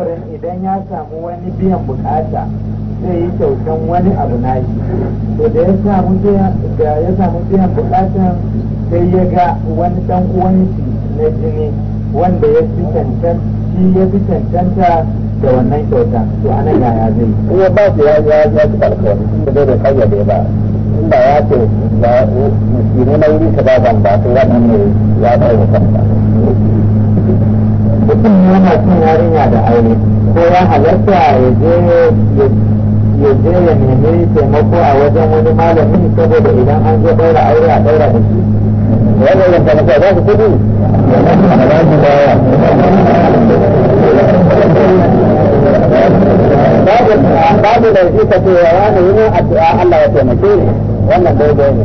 mu'tafarin idan ya samu wani biyan bukata zai yi kyautan wani abu nashi to da ya samu biyan bukatan sai ya ga wani dan uwanci na jini wanda ya fi shi ya fi cancanta da wannan kyauta to anan yaya zai yi. kuma ba su ya ya ya ci alkawari da zai ba in ba ya ce ba wuri ka ba ba ne ya ba. mutum yana son yarinya da aure ko ya halarta ya je ya je ya nemi taimako a wajen wani malami saboda idan an zo ɗaura aure a ɗaura da shi ya ga yanka na ba babu da shi ka ce wa wani yi addu'a Allah ya taimake ni wannan daidai ne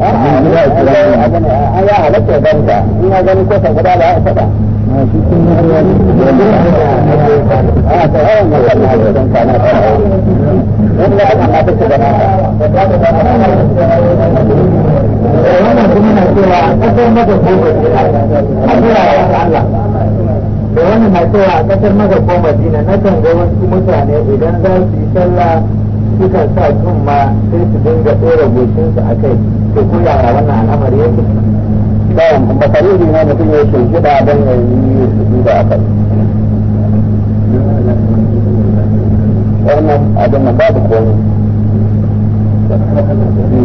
a ya halatta ya banta ina ganin ko ba a ta yawan ya ta a da wani na cewa kasar magar ko madina na kan ga wasu mutane idan za su yi sallah suka sa ma sai su dinga tsora goshinsu a kai to ko a wannan al'amari yake bayan kuma kariri ne na mutum ya shi shimfiɗa don ya yi su da a kai wannan abin nan babu komai Thank hmm.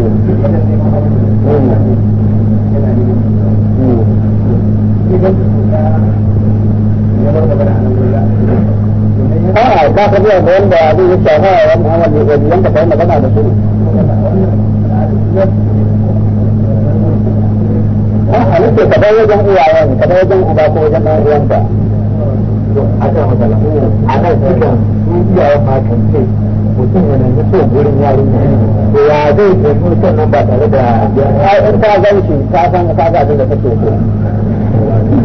you. Hmm. Hmm. a'a ba ka biya da wanda zai yi shafa wani amal da wanda kai magana da su ka wajen ka wajen uba ko wajen ɗan uwanka akan matsala cikin su iyayen makan ce mutum yana na so gurin yi ya zai ba tare da ya ta ganshi ta san ka da kake so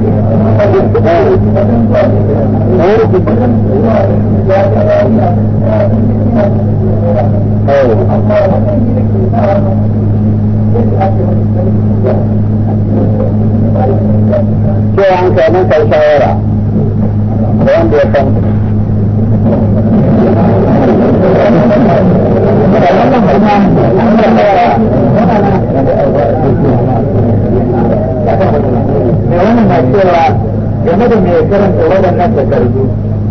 cewa an kai mun kai shawara da wanda ya san cewa game da mai karanta waɗannan takardu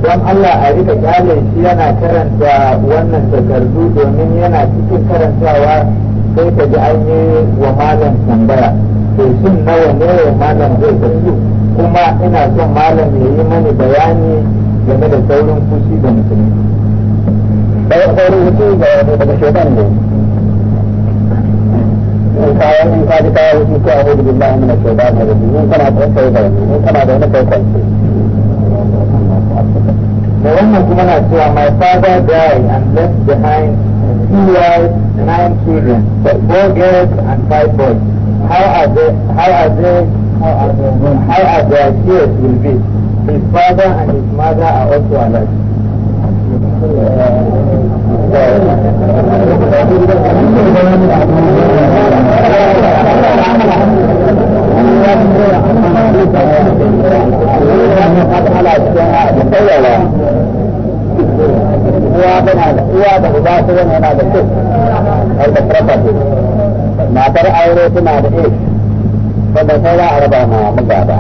don Allah a rika kyale shi yana karanta wannan takardu domin yana cikin karantawa sai ka ji an yi wa malam tambaya to shin nawa ne wa malam zai tafi kuma ina son malam ya yi mani bayani game da saurin fushi da musulmi. Saurin fushi wani daga ne. in ka in ka ji kawo in ka a'udhu billahi minash shaitani rajim in kana da kai da in kana da wani kai kwanci da wannan kuma na cewa my father died and left behind two wives nine children four girls and five boys how are they how are they how are, they, how are their will be his father and his mother are also alive matar aure suna da ish ba da sai za a raba ma magaba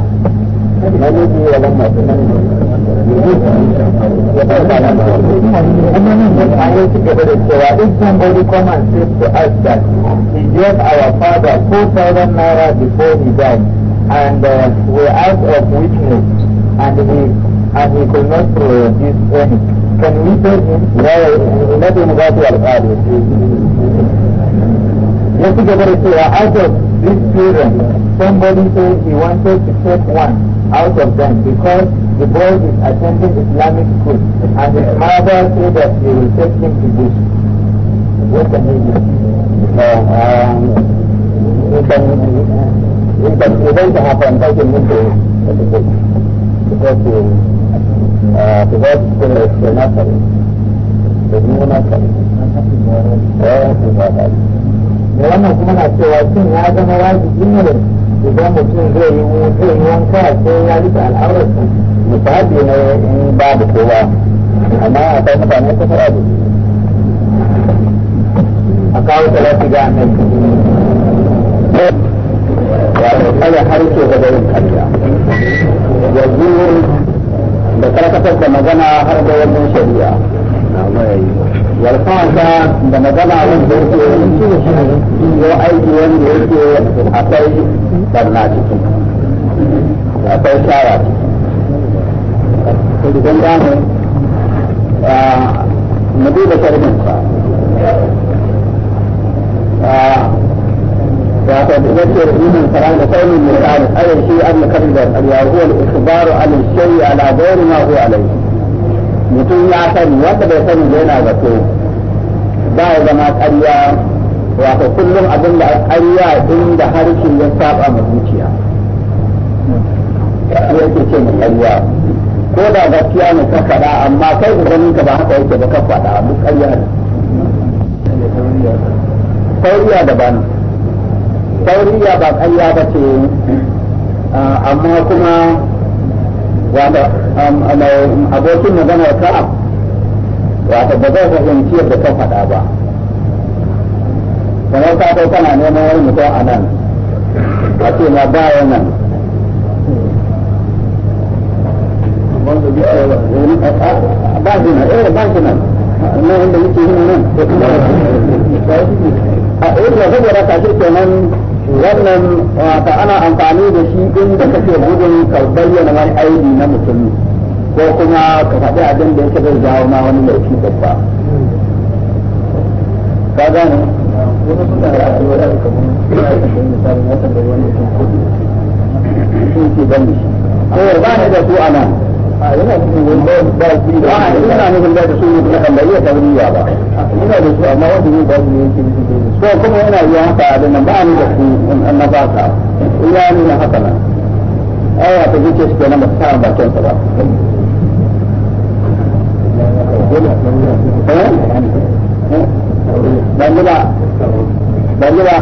Thank you. our father 4,000 before he died and we of witness and he and he could not can we him these children, somebody says he wanted to take one out of them because the boy is attending Islamic school and his mother said that he will take him to this. What can he do? So, um, you can, you can prevent her from taking him to because he, uh, because school is the nursery, the new nursery. Oh, da wannan kuma na cewa shin ya zama wajibi ne idan mutum zai yi zai yi wanka ko ya rike al'aurarsa misali ne in babu kowa amma akwai mutane ta fara da a kawo talati ga annabi wato kada har ke gaba yin karya yanzu da karkatar da magana har da wannan shari'a والقاعدة عندما جمع هو أيضا يأتي أتي برنامج أتي شارع kun gane na duba sharfinsa wato da yake rubunin sarar da kai min misali ayar shi an da karbar al-yahu al-ikhbaru al-shay'i ala ghayri ma huwa alayhi mutum ya sani wanda bai sani da yana zato ba ya zama karya wato kullum abin da in inda harshen ya saba ma zuciya ke ce mu karya. ko da gaskiya ne ka faɗa amma kai da ganin ka ba haka yake ba ka faɗa duk karya. ne tauriya daban tauriya ba karya ba ce ah, amma kuma wato abokin maganar ka wato ba zai fahimci yadda ka faɗa ba kamar ka kai kana neman wani mutum a nan a ce ma ba wannan ba shi nan eh ba shi nan na inda yake yin nan a eh saboda ka shi kenan wannan wata ana amfani da shi inda kake gudun ka bayyana wani aibi na mutum ko kuma ka faɗi abin da yake zai jawo ma wani laifi babba ka gane wani suna da da kamar wani ba a nan ko kuma yana yi haka abin nan ba ni da su in na ba ka ina ni na haka nan aya ta zuke shi kenan ba ta ba ta ba ban yi ba ban yi ba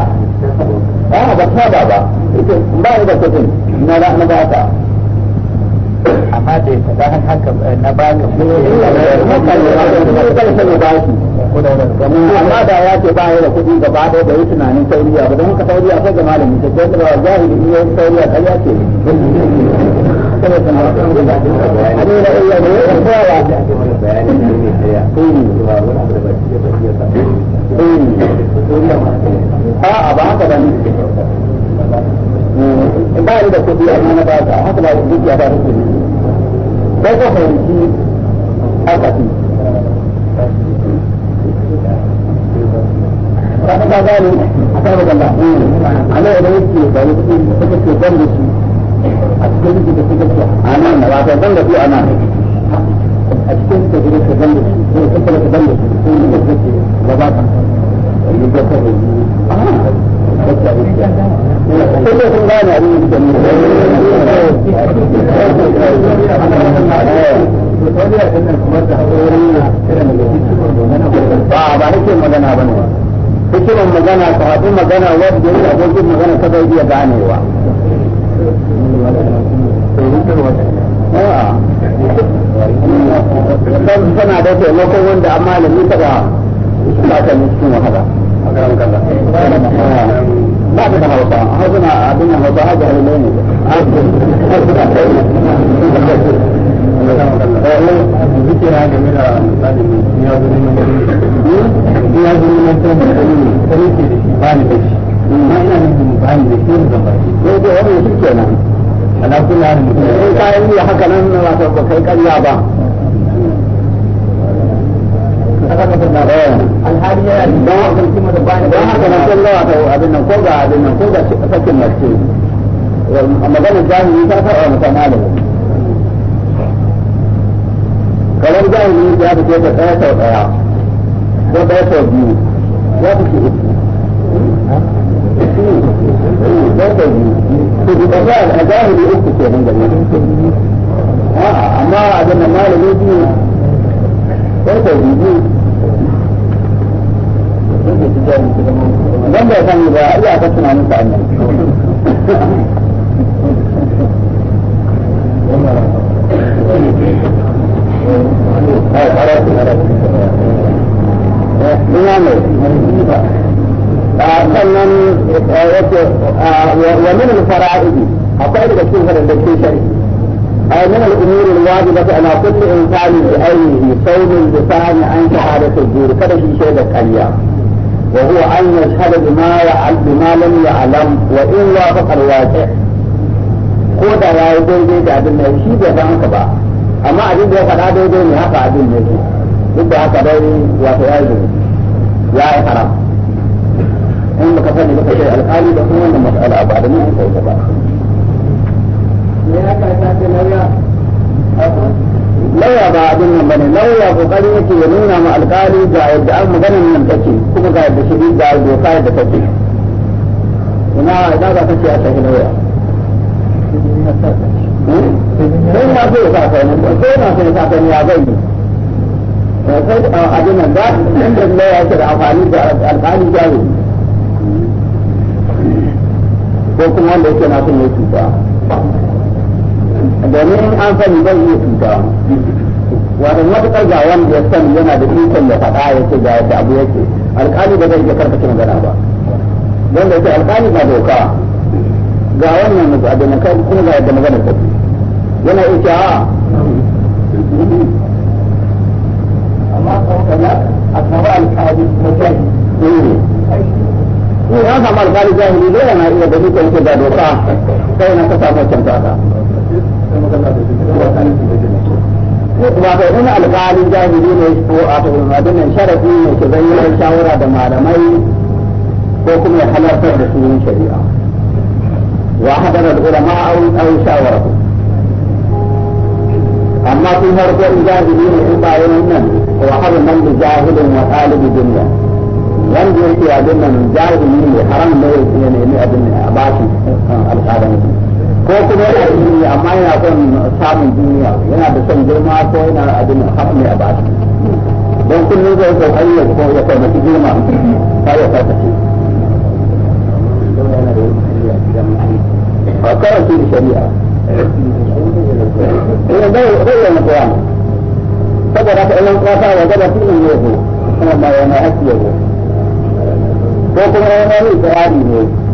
ba ba ba ba ba ni da kudin na ba ka amma da ya faɗa haka na amma da ya ce da kuɗi gaba ɗaya da yi tunanin tauriya ba don ka tauriya ga malami ta ce da zahiri in yi ce ba haka ba ne ba ni da kuɗi amma na ba ka haka ba ba sai ka fahimci akasi kafa ta gane a kan wajen ba a nan idan yake da wani kuɗi suka ce ban da shi a cikin jiki da suka ce a nan da ba ta ban da shi a nan a cikin jiki da suka ban da shi ko suka ban da shi ko suka ce ba ba ta yi ba ta yi كلكم لا نعلم ba ba hake magana ba ne hikimin magana ta haɗu magana wadda yana abokin magana ta bai iya ganewa tana da taimakon wanda amma malami ta ba ta cikin wahala آه. بعد ما هو هذا أبينا هو هذا هلين ذكر هذا من نياز من نياز من تريد بان بش ما إنا من بان بش من ضبط هو هو ذكرنا أنا كل هذا كان يحكي لنا ما تبغى كي كان يابان alhali yana da don haka mutum da bayan don haka na san lawa ta abin nan ko ga abin nan ko ga sakin mace maganar jahili ta fara mutum malamin kamar jahili ya fito da ɗaya sau ɗaya ko ɗaya sau biyu ya fito uku ɗaya sau biyu to da a jahili uku ke nan gari a'a amma abin nan malamin biyu ɗaya sau biyu wanda ya sani ba iya ta tunanin sa annan Ina ne, sannan yake wa min al-fara'idi akwai daga cikin da ke shari'a من الأمور الواجبة على كل إنسان بأي صوم لسان عن شهادة الزور كذا في شهادة وهو أن يشهد بما يعلم بما لم يعلم وإن وافق الواقع كودا يا يدوي دي دا بن نشي دا بان كبا أما أجد يا فلا دوي دي نهاك أجد نشي إبدا هكا دوي واتو يا يدوي يا حرام إن بكفاني بكشي الآلي بكونا مسألة بعد من أجد lauya ba abin nan bane lauya kokari yake ya nuna ma alkali ga yadda an maganar nan take kuma ga yadda shi ga doka yadda take ina ina ba kace a sahi lauya sai na so ya sa kai ne sai na so ya sa kai ne ya zai sai abin nan da inda lauya yake da amfani da alkali jari ko kuma wanda yake na son ya cuta domin an sani zai iya cuta wato matuƙar ga wanda ya sani yana da ikon da faɗa ya ce ga yadda abu yake alƙali ba zai iya karkace magana ba don da ce alƙali ba doka ga wannan mutu a nan kuma ga yadda magana ta yana iya ce a amma kawai a kawai alƙali mutane ne ya samu alƙali jahili zai yana eh. eh, iya da duka yake ga doka sai na ka samu cancanta wato in alƙali jahili ne ko a abin sharafi ne ke zai yi shawara da malamai ko kuma ya halartar da su yin shari'a wa hadara da ulama au au shawara amma tun farko in jahili ne in bayan nan wa haru man da jahilin wa talibi dunya wanda yake abin nan jahili ne haram ne ya nemi abin a bashi alƙalanci ko kuma yana duniya amma yana son samun duniya yana da son girma ko yana abin haka ne a ba don kullum zai kokari ya ko ya kai maki girma ta ya kai kace a karanta da shari'a ina bai bai yana kuwa saboda ka ina kuwa ta waje da filin yau kuma ma yana haƙi yau ko kuma yana yi tsari ne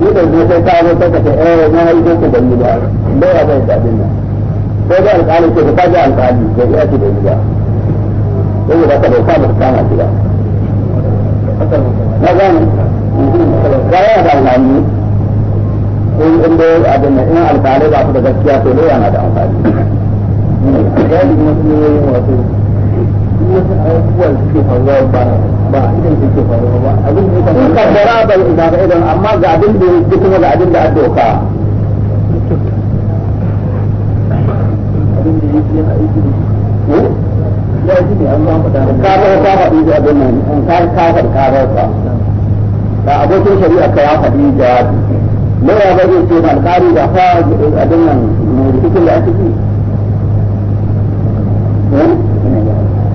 yadda zai kai ta zo ta ta eh na yi ko da ni ba ba ya ba ta din ko da alƙali ce ba da alƙali ba ya ce da ni ba ko da ka ba ta ta na tira na ga ga ya da alƙali ko in da abin nan in alƙali ba su da gaskiya to ne yana da alƙali ga ni mutum ne wato wasu abubuwan da suke faruwa ba ba idan da suke faruwa ba abin da yake sun kaddara ba ina ba idan amma ga abin da yake kuma ga abin da aka doka abin da yake yana aiki ne ya ji ne an ba mu da ka ba ka faɗi da abin nan an ka ka ka ka ba ka da abokin shari'a ka ya faɗi da lawyer ba zai ce ba alƙari da fa abin nan rikicin da ake yi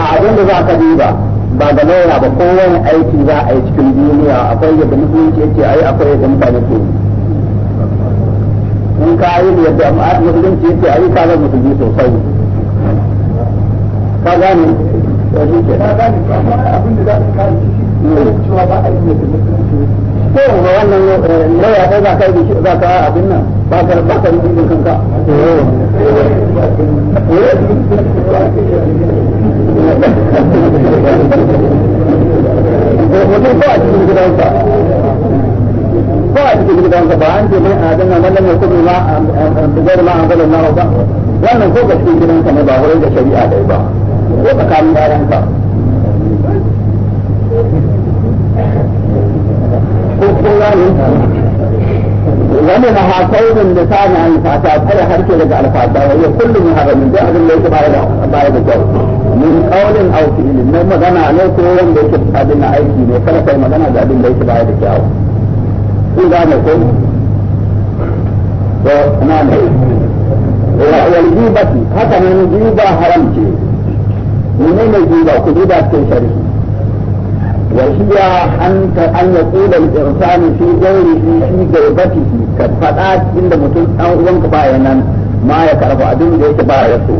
a abin da za ka duba ba ga naira ba ko wani aiki za a yi cikin duniya akwai yadda musulunci yake ai akwai yadda mutane ke in ka yi da yadda musulunci yake ai ka zama musulmi sosai ka gane to shi ke ka gane amma abin da za ka kare shi ne cewa ba a yi yadda musulunci ko ga wannan laya ko za ka yi shi za ka abin nan ba ka ba ka yi din kanka mutum ko a cikin gidansa ko a cikin gidansa ba an ce mai adin nan wannan ne kuma ma bugar ma an zala na ba wannan ko ga cikin gidansa ne ba wurin da shari'a dai ba ko tsakanin yaranka ومن هاتين اللسان عن الفاسات على حركة لك على الفاسات وهي كل هذا من بعض ليس بعد الجو من قول أو فعل من مغنى عليك ولم ليس شيء عيكي وكلا في مغنى بعد ليس بعد الجو إذا نقول ونعم والجيبة حتى من جيبة حرمتي منين الجيبة كجيبة تنشري وهي أن أن يقول الإنسان في دوره في غيبته كالفتاة عند متن أو وانك باينا ما يكرف أدن ليس بايته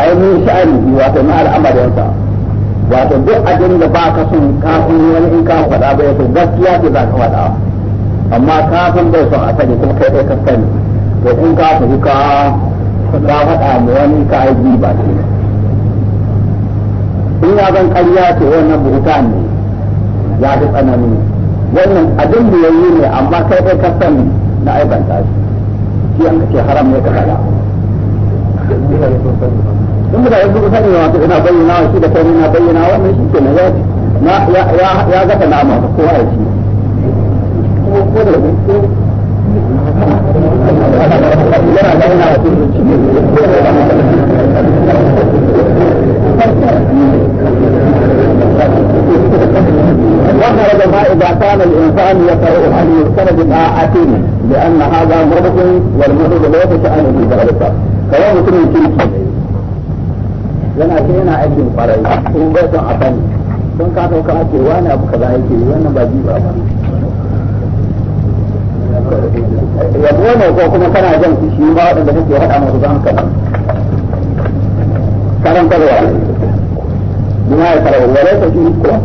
أي من شأنه واتو ما الأمر ينسى واتو دي أدن لباك سن كافن وإن كان فتا بيته غسيا في ذاك أما كافن بيسا أتني كم كيف يكفن وإن كافن كا كافت عمواني كايبي باتي in ya zan karya ce wannan buhuta ne ya fi tsanani wannan abin da ya yi ne amma kai kai ka sani na aikanta shi shi an ka ce haram ne ka kada in mutane sun sani ne wato ina bayyana shi da kai na bayyana wannan shi ke ya ya ya gata nama ko kowa ya ci ko da yana da yana da ظهر بما اذا كان الانسان يقرأ ان يفترض ما اتيه لان هذا مربط والمربط لا يتشأن في ذلك كلام مسلم كل شيء لنا جينا عند القرية ثم بيت عطني ثم كانت وكانت وانا ابو كذلك وانا بجيب عطني يبغون وكما كان عجل في شيء ما هذا الذي يحدث عن الرزان كذلك كلام تبعه يعني. بما يكره وليس فيه كره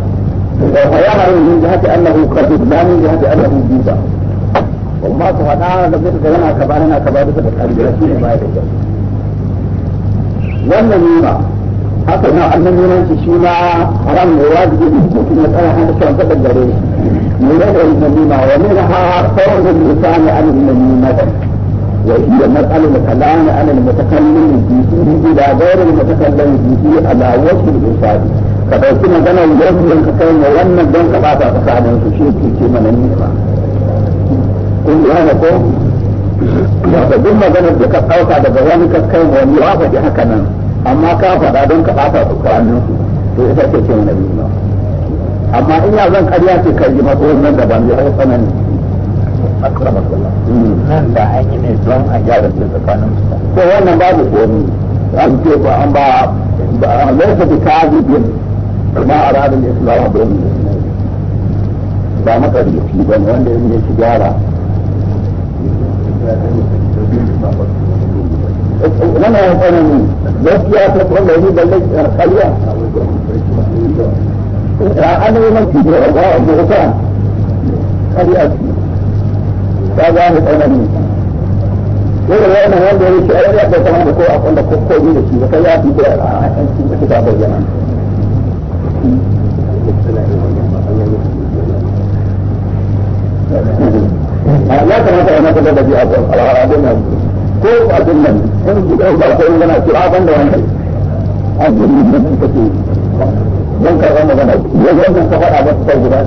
وسيعمل من جهة أنه خفيف لا من جهة أنه جيزة وما تهدى لبيت كلامها كبارنا كبارة بالأرجل ما يكره والنميمة haka na annan neman shi shi ma haram ne ya ji mutum na tsara hannun kan faɗa gare shi ne da وهي مسألة الكلام أنا المتكلم الجنسي إلى غير المتكلم الجنسي على وجه الإنسان فبقيت مجانا وجهت من كتاب ولما الدين كبعت أتصعد أن تشير في كما نميرا النساء كل هذا قوم فبقيت مجانا بك أوقع بجواني كتاب ونرافة هكذا أما كافر أدون كبعت أتصعد أن تشير في شيء من النساء أما إن أظن قد يأتي كلمة قول من دبان بحيث أنني nan da an yi ne don a gyara su tsakanin su to wannan babu komi an ce ba an ba ba laisa bi kazibin ma arada al-islam bi ba makarifi ba ne wanda ya shi gyara wannan ya tsanani gaskiya ta kwallo ne balle kariya a an yi mafi da wata kariya فظاهر أمامي يقول يوم يوم يوم الشعر يبدأ كمان بكو أقول لك كو يجي لشي وكي يأتي كو كتاب الجنان لا كما أنا كنت بدي أقول على أدنى كو أدنى إن جد أوضع كو لنا سرعة بند وانت أدنى من كتير من كرم وغنب يجب أن تفعل عبد الصوت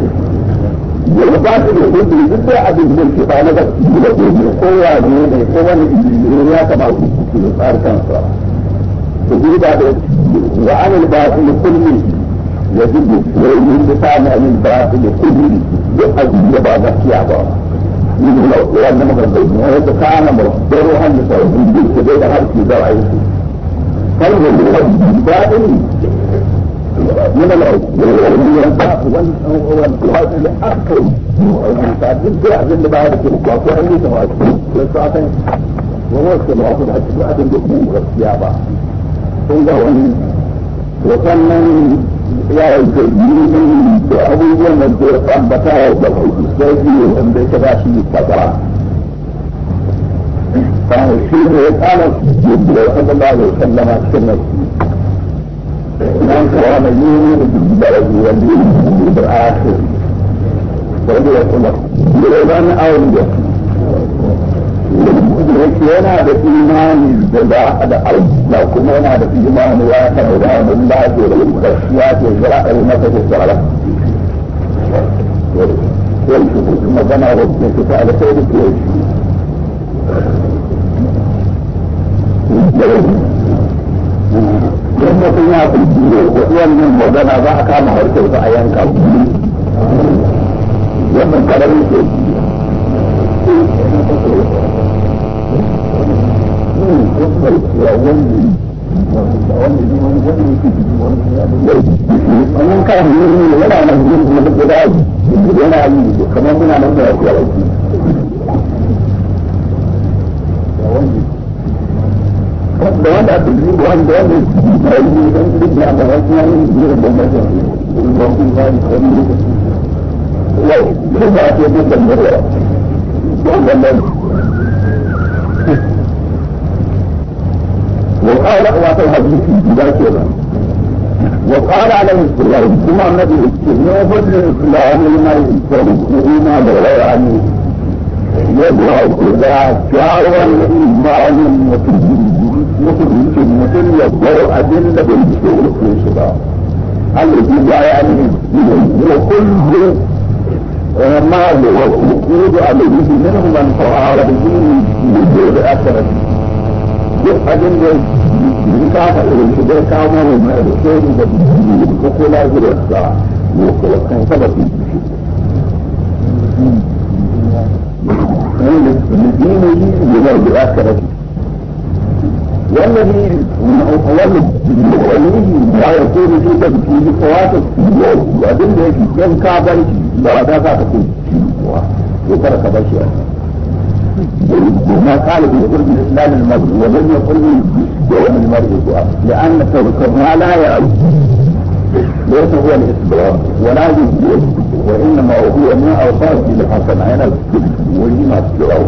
والمقاصد يقول بالجدة أبي بالجدة فأنا بقول قوة جنودي قوة الدنيا تبعه أركان صلاة تجيب هذا وعن الباطل كله يجب والانقسام عن الباطل كله يؤدي بعض الثياب يقول لأن مغرب وهذا كان مصدرها لتوحيد الكبير هل في ذرعه فالباطل من العلم والحاجة لحقه تعدل كل اللي بعد كده وعندي سواك لساعتين وهو السبعة حتى بعد الدخول والسيابة ثم وصلنا ya yanke jirgin da abubuwan da ke ambata ya da sai biyu wanda ya ba shi fatara shi ne ya kama jirgin da wasan da ba zai sallama cikin nan وأنا يؤمن بالبلد والدين بالآخر وإلى الله بأن أولياء yana da imani da za da Allah kuma yana da imani ya san da Allah ke da gaskiya ke jira a yi masa tsara ko shi kuma magana da ke ta da sai da ke shi mutum ya kulci ne kuɗuwan yin magana za a kama harshe su a yanka wannan karamin ke wannan karan ne yana nan gudu kuma duk da yana yi kamar muna nan da ya kuwa بعد أتجيب عن ذلك أيضا تجيب على أسماء جرب المجال الله خير لو كما أتجيب المرأة وقال أوات الحديث ذاكرا وقال عليه السلام ثم النبي استجنوب الإسلام لما يستجنوب ما بغير عنه يدعو إلى شعر والإيمان وتجنوب muku yake mutum ya bar abin da bai yi rukun shi ba Allah ji ya ya ne wa kullu ma wa kullu abin shi ne man fa'ala bi dini da akara duk abin da in ka ka irin shi da ka mu mai da sai da ko ko la gure sa ko ko kan sababi ne ne ne ne ne ne ne ne ne ne ne والذي والذي لا يكون في تفكير الخواتم وأدلة ينكع بيت لا ذاك تقول وترك بشيئا ما قال في قرب الاسلام المرء ولم يقل يوم المرء سؤال لان تركها لا يعرف ليس هو الاثبات ولا يثبت وانما هو ما اوصاه بالحسن عين الكذب ولما تكره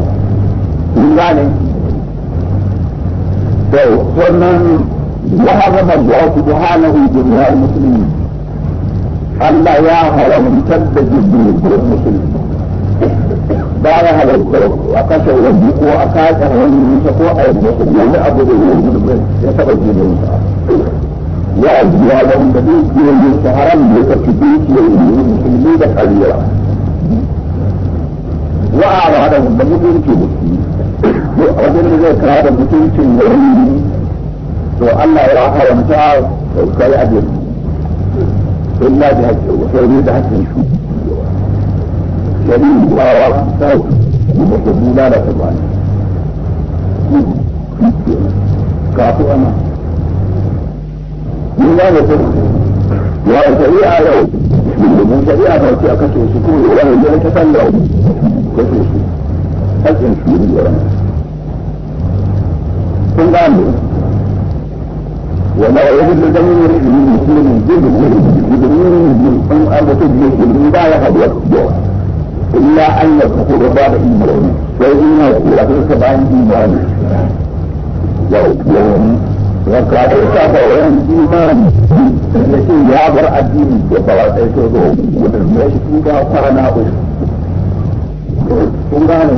من بيت ومن ذهب الله سبحانه جميع المسلمين أما يا هلا امتد جبريل بالمسلمين بعد هذا الكلام وقسوا وجهك وأكاد أهلهم يمسكوا أيديكم يعني أبو ذي يتبجل إن شاء الله وأجل هذا النبي يوم الحرم لتكبيك يوم المسلمين كثيرا وأعرضهم بمدينة المسلمين duk abin da zai kawo da mutuncin gari to Allah ya haramta kai abin illa da hakki wa sai da hakkin su shari'u ba wa ta kuma ko bula da tabani kafu ana mun ga da wa shari'a yau mun shari'a ba ce a kashe su ko ya ta sallau kashe su hakkin su ne kun gane wala yajid da dan ne ne musulmi jibi ne jibi ne an abu ta jibi ne ba ya hadiya ko illa an yakku da ba da imani sai in ya ku da ka ba ni imani ya ku ya ka ta ta ba wani imani da shi ya bar addini da ba wa sai to wannan ne shi ba fara na ku kun gane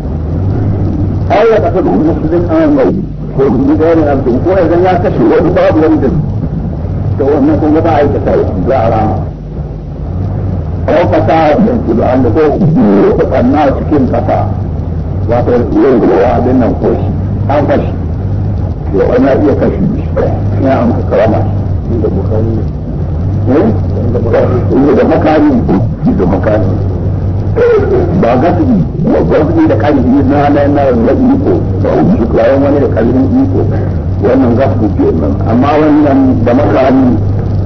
ai ya tafi da mutum an mai ko kuma da wani abu ko ya zan ya kashe wani babu wani da to wannan kun ba ai ta za a rama ko fata da su da an da ko ko kanna cikin kasa wato yin gowa din nan ko shi an kashi to an ya iya kashi shi ya an ka karama da bukari ne da makami da ba gasbi gasbi da kalibin na halaye na rashin iko bayan wani da kalibin ko. wannan gasbi ke nan amma wannan da makami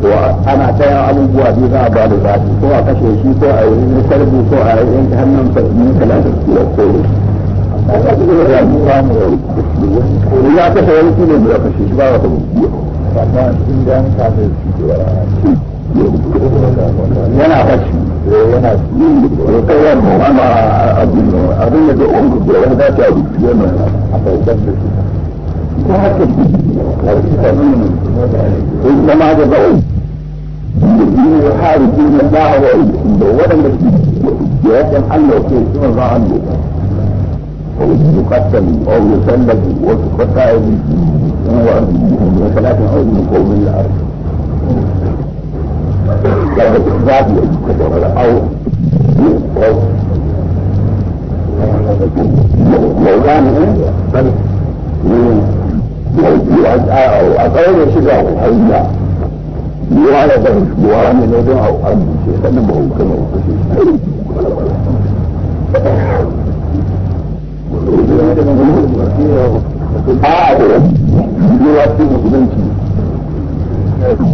to ana ta abubuwa biyu za a ba da zafi ko a kashe shi ko a yi karbi ko a yi yanke hannun sa ne talata ko kore ya kashe wani shi ne da kashe shi ba wata mutu yana fashi yana da kawai mu ana abin da da wani da wani da ta rubuce yana a bautar da shi ko haka in kama da bau ne hari din da ba wa da wadanda ke yakan Allah ke suna za a ne يقتل او يسلب وتقطع وثلاثة او من قوم الارض گزراق آؤں نہیں سر اٹھائے سے آئیڈیا گوہار اگر دوڑا ملے گا میں بہت موسم دیجیے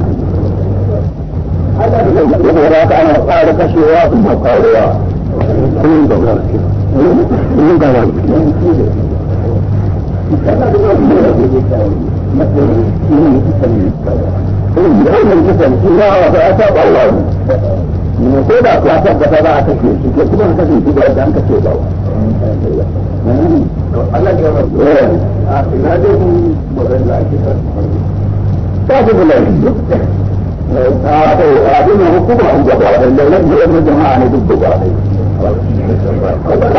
ہوا تو موقع ہوا بھگوان سے ایسا بتا رہا آ کے نیچے جان کا چلے جاؤ الگ الگ آپ ان ما هو كبر عن جبار لأن لم يأمر جماعة عن ضد جبار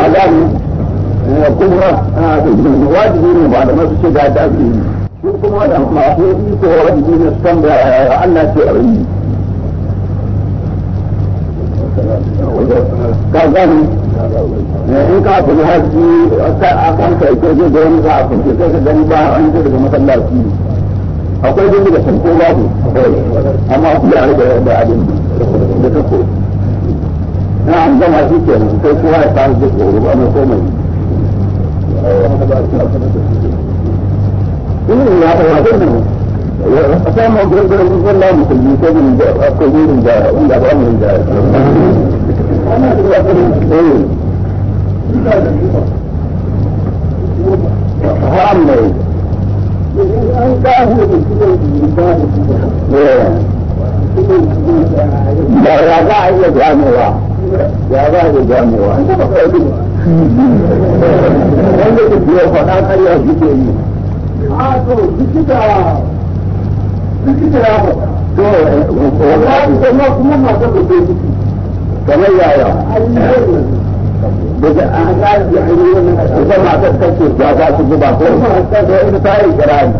الآن كبرى من الواجبين وبعد ما في شيء قاعد أبين شوفوا هذا ما هو في صورة دين الصمد على شعري كذا ان کا بنیاد جی اکثر آسان کہتے ہیں جو دونوں کا آسان کہتے ہیں دن باہر آنے کے لیے مطلب کی akwai jini da sun ko babu amma wasu yare da da abin da ta ko na an gama shi ke nan sai kowa ya fara da tsoro ba mai komai ilimin ya ta wajen nan a sai ma gurin gurin gurin na musulmi ko gurin da akwai gurin da inda ba mu da ana da gurin eh haram ne 你那个干物主，干物主，对不对？这个物主，哎，要要干物主了，要干物主了。嗯，咱这个地方哪能要去交易？啊，走，你去去啊，你去去哪个？对，我我家里头那姑娘啥都不愿意去，怎么要呀？哎。لیکن اہنکار کی انگریزوں نے اس پر حاصل کر کے زیادہ سے جو بات ہے کرائے ابھی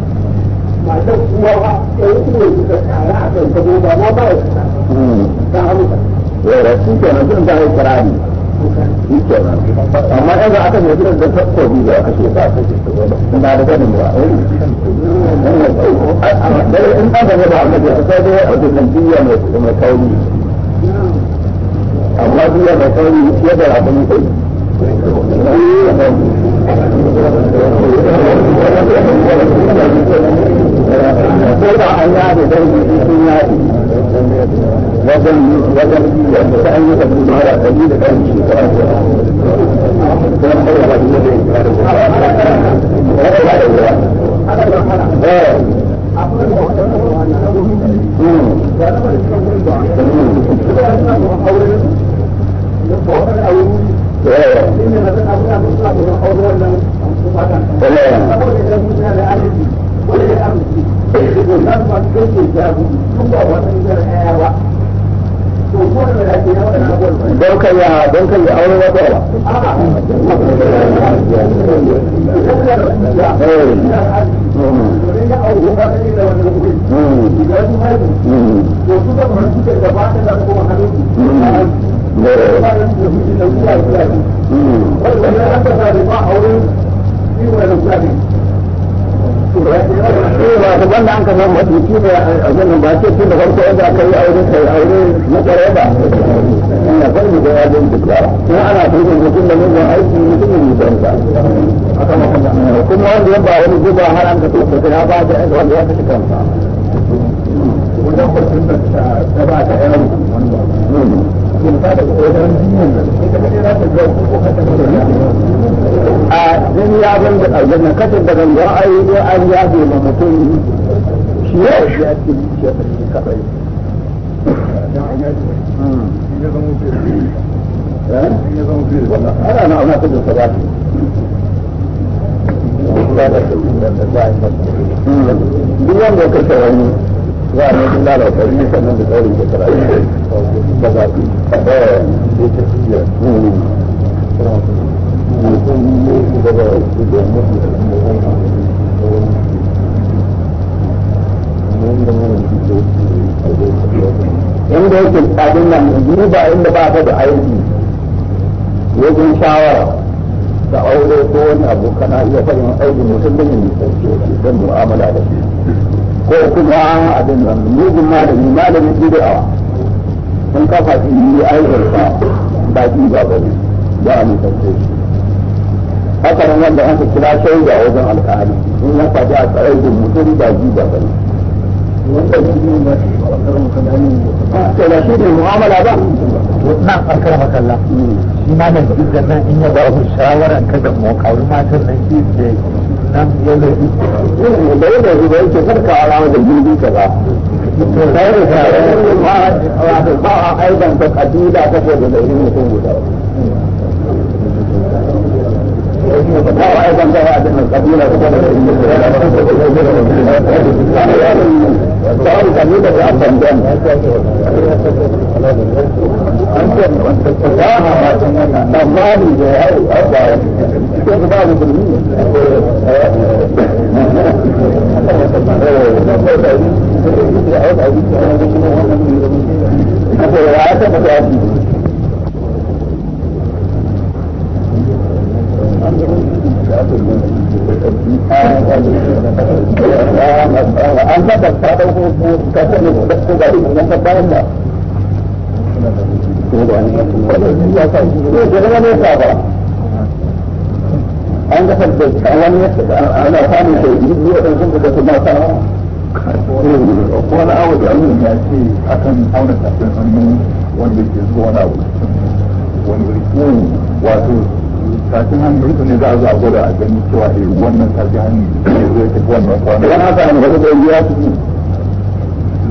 ba da kuwa ba ɗan kuwa suka tsara a kan tabo ba ma ba hmm. ta amsa yau da shi kenan sun ta hau karari shi kenan amma yanzu aka ne gidan da takobi da aka ce ba ba da ganin ba eh. dai in aka ne ba a mace a sai dai a dukkan duniya mai kauri amma duniya mai kauri fiye da abin kai Thank you. وضع الله بيني في النار وذنبي وذنبي ومتألفة بالمرأة دليل كان شيطان Yeah. ولد الامر والناس ما تكون كتابه يقوى وتنزل ايوه don kan ya don kan ya aure wata ba Mm. wanda an kama mafi shi ne a zanen ba ce tun da farko wanda aka yi aure kai aure na tsare ba ina farko da ya zai duka kuma ana tuntun mutum da mugun aiki mutumin mutum ba kuma wanda ya ba wani guba har an ka tuka ya ba da ya wanda ya kashe kansa wajen kwatanta ta ba ta yaro a zan ya ban da aljanna kasar da ban ra'ayi ko an ya zo ma mutum shi ya shi ya ce shi ya fashi kadai ana na ana kudin sa ba shi duk wanda ya kashe wani ya ne sun lalata ƙarfi sannan da tsaurin da tsara da zafi a ɗaya ne ta fiye inda yake abin nan duba inda ba ta da aiki wajen shawara da aure ko wani abu kana iya faɗin aikin mutum da yin sauke don mu'amala da shi ko kuma abin nan mugun malami malami bid'a sun kafa shi ne ayyukan sa ba shi ba ba ba mu tafi haka nan wanda an kira shaida wajen alƙali in ya faɗi a tsarai da mutum ba shi ba ba wanda shi ne ba shi ba shi ne mu'amala ba na karkar makalla shi ma nan duk da nan in ya ba ku shawaran kada mu kawo matar nan shi da da ya da zuwa yake karka alama da jirgin ka ba ba a aiban ta kabila saboda da irin mutum guda بتاؤ آیا بندہ ہے کہ an saba ta dauko ko ka sani ko da ko nan da ko da ya ko da ne ba an ga wani ya ana ma ko wani awo da ya ce akan auna tafiyar hannu wanda ke zuwa na wani wani wato kafin hannun ne za a zo a gwada a gani cewa eh wannan kafin hannun zai tafi wannan kwanan yana haka an gwada da ya ta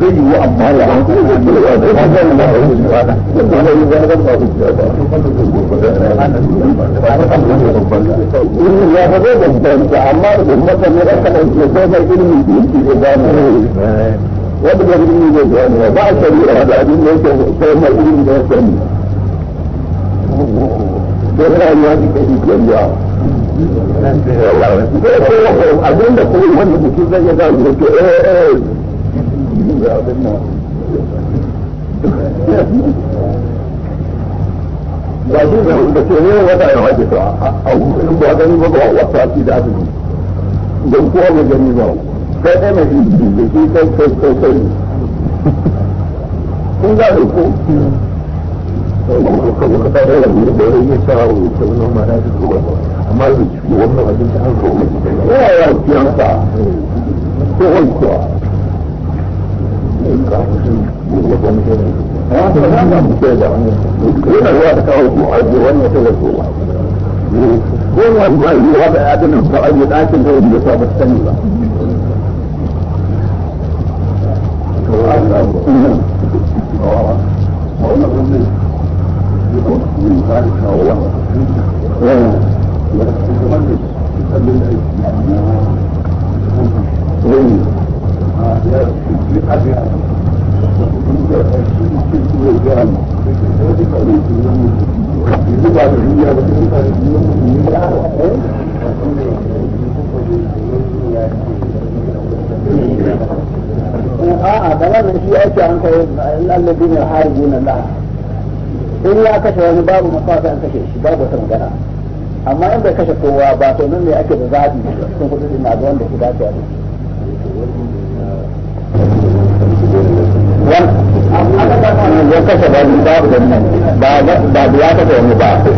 zai yi wa amma ya an kuma zai yi wa zai ma zai ma zai yi zai da wani zai wani zan zai su ciya zai ya fa zai bambanta zai da kuma zai ya zai da ke zai zai zai da yake zai gano zai ba ilimin zai gano ba a shari'a da zai da yake zai ma ilimin zai ya sani ko rayuwa su kai a kai ہماری یہاں a'a da wannan shi ake an kai alladina haribuna Allah in ya kashe wani babu makawa an kashe shi babu wata magana amma in bai kashe kowa ba to nan ne ake da zaɓi sun kudu din na wanda shi dace a ya kashe wani babu da nan ba ba ya kashe wani ba a ce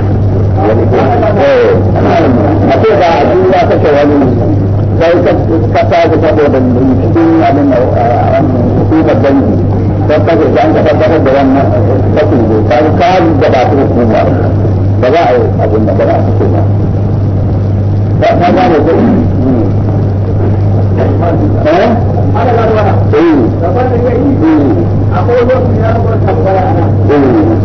ba a duniya kashe wani sai ka ta saboda cikin abin a wannan hukumar dangi kata dia jangan kata kata dalam eh, satu itu. Kali kali kata terus semua. Bagai aku nak bagai semua. Tak ada apa Ada lagi mana? Ada. Apa yang dia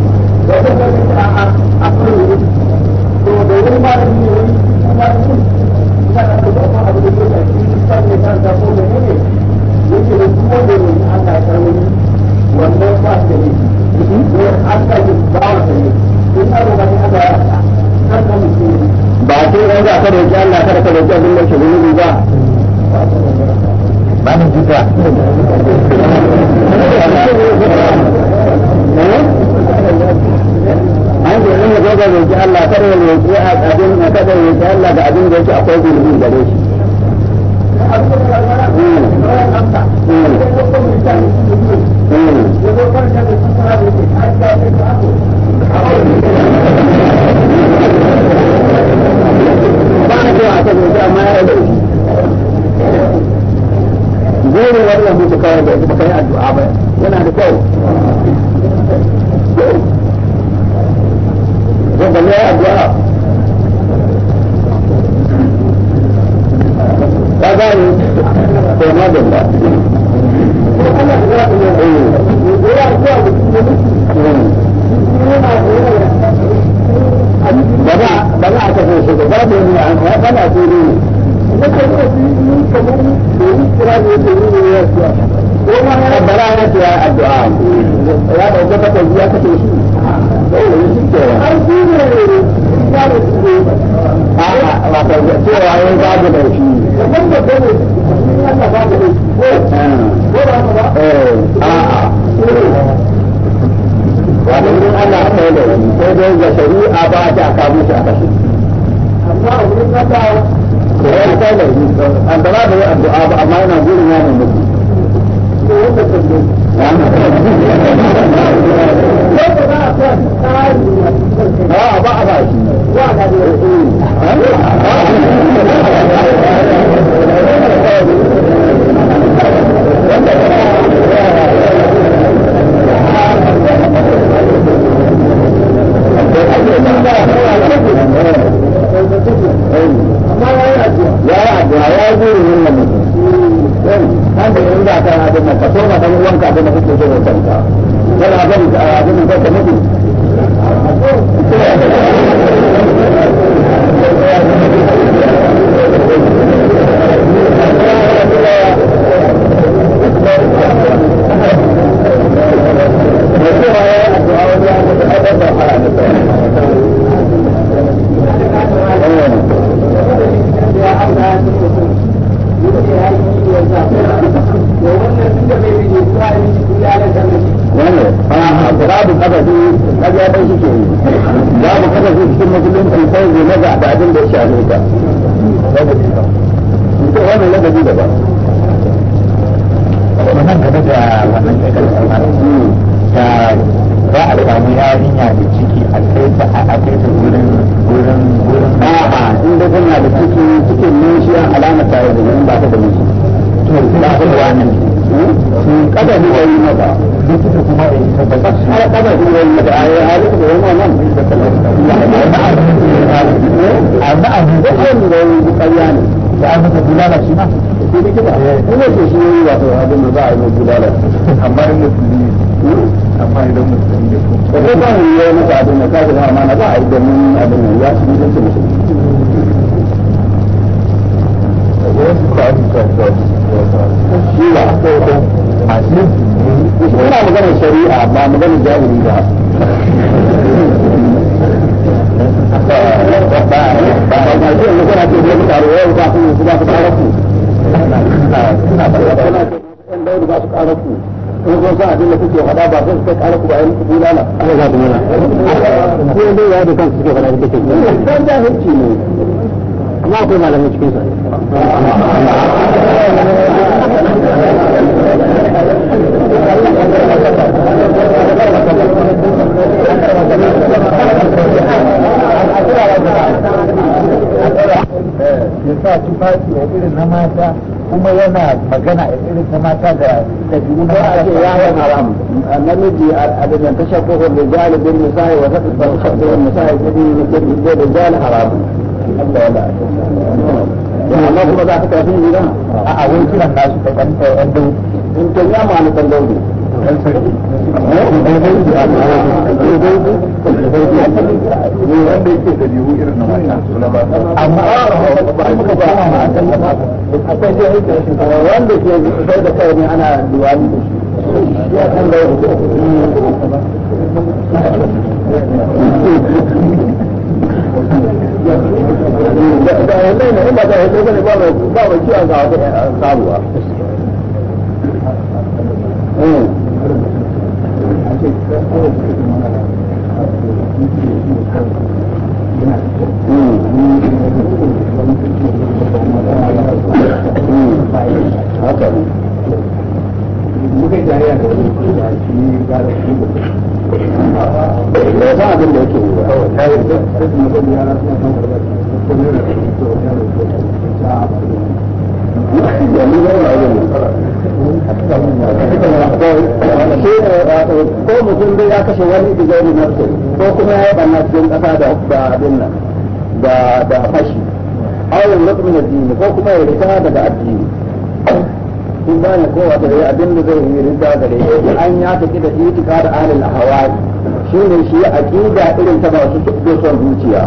Thank you. والناس ما تجري حتى يتباوى تجري إنه قد أبى ba sai yan za ka roƙi Allah kada ka roƙi abin da ke zunubi ba ba ni jita an ce in ya zo roƙi Allah kada ya roƙi abin kada ya roƙi Allah da abin da yake akwai zunubi gare shi dole wannan mutu kawai da baka yi addu'a ba yana da kyau ko ba ne addu'a ka gane فما بالله بدع بدعت في شيء باب عنها فلا تريد البلاغة يا الدعاء يا ربك وزيادة الشيء أنا ما تقول شيء وعين بعد الشيء wani wurin Allah a kai da wani sai dai ga shari'a ba a ta kamu shi a kashe. Amma a wurin kasa da ya kai da wani an da ba da yi addu'a ba amma yana gurin yana mutu. اه بعض لا يعدها يا يقول من المسلم kai in za ka abin nan ka tona dan uwan ka abin da kake so ka tanka kana gani ka abin nan kai ka mutu Thank you. abin da ya shafe ka ita wannan da ba wannan gaba da wannan shekarar salmanu da ba a samu yarinya da ciki a kai ta a kai ta wurin wurin wurin a'a in da kana da ciki cikin nishiya alama ta yi da ba ta da nishi to ba ta hmm? da wannan kada ne wani mata duka kuma in tabbata har kana jin wannan da ayi halin da wannan nan bai tabbata amma a duka wannan da yi kariya ne da an masa bulala shi ma ko da kiba kuma to shi ne wato abin da za a yi mai bulala amma in musulmi amma idan musulmi ne ko ko ba mu yi masa abin da ka ga amana za a yi domin abin nan ya shi ne ce musulmi Yes, I'm going to go to the hospital. ina maganar shari'a ba maganar jahili ba ba ma ce yanzu kuna ba kuke faɗa ba sai su kai ƙara ku ba sa tufafi a irin na mata kuma yana magana a irin na mata da ɗabi'u na mata. Ko ya yi haram namiji a da ta shakko ko da jali bin misali wa ta tsarkar da misali ta bin da jali haram. Allah ya amma kuma za ka tafi ne a a wai kiran da su ta kan ta yan dau in to ya ma kan dau ne wanda yake da lihu irin na wannan suna ba amma ba muka ba ma a kan ba akwai da yake wanda ke sai da kai ne ana duwani da shi ya kan dau jahilai ne in ba jahilai bane ba mai ba mai kiyan karuwa haka ne muka jariya da wani kuma da shi gara shi bai san abin da yake yi ba ko mutum dai ya kashe wani bigairi ko kuma ya cikin kasa da abin nan da fashi awon na dini ko kuma ya rika daga addini sun ba ne kowa da abin da zai yi rinda gare an ya tafi da itika da ahlul ahwai shine shi aqida irin ta masu son zuciya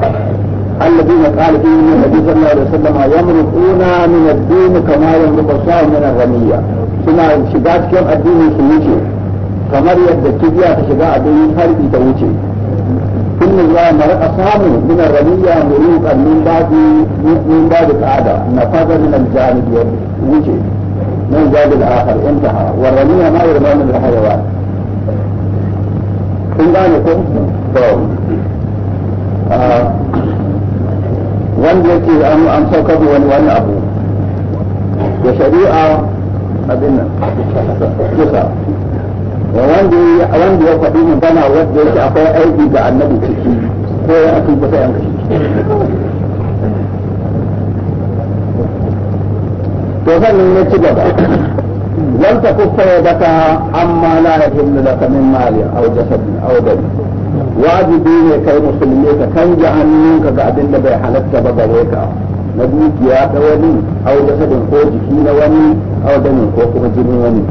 الذين قال فيهم النبي صلى الله عليه وسلم يمرقون من الدين كما يمرق الصاع من الرمية سنا شجاعة كم الدين سويتي كما يد الكبيرة شجاعة الدين هاربي تويتي إن الله مرق صام من الرمية مروقا من بعد من بعد قعدة نفذ من الجانب يوتي من جاد الآخر انتهى والرمية ما يرمى من الحيوان kun gane ko to yake an an sauka da wani wani abu da shari'a abin nan kusa wa wanda wanda ya faɗi magana wanda yake akwai aiki ga annabi ciki ko ya aka kusa yanka shi وظن المتبقى لم تكف يدك عما لا يهم لك من مال او جسد او دم واجبيني كي مسلميك كان جعلنيك بعد اللي بيحلت بضريك نبيك يا دولي او جسد خوجي كين وني او دمي خوك مجيني وني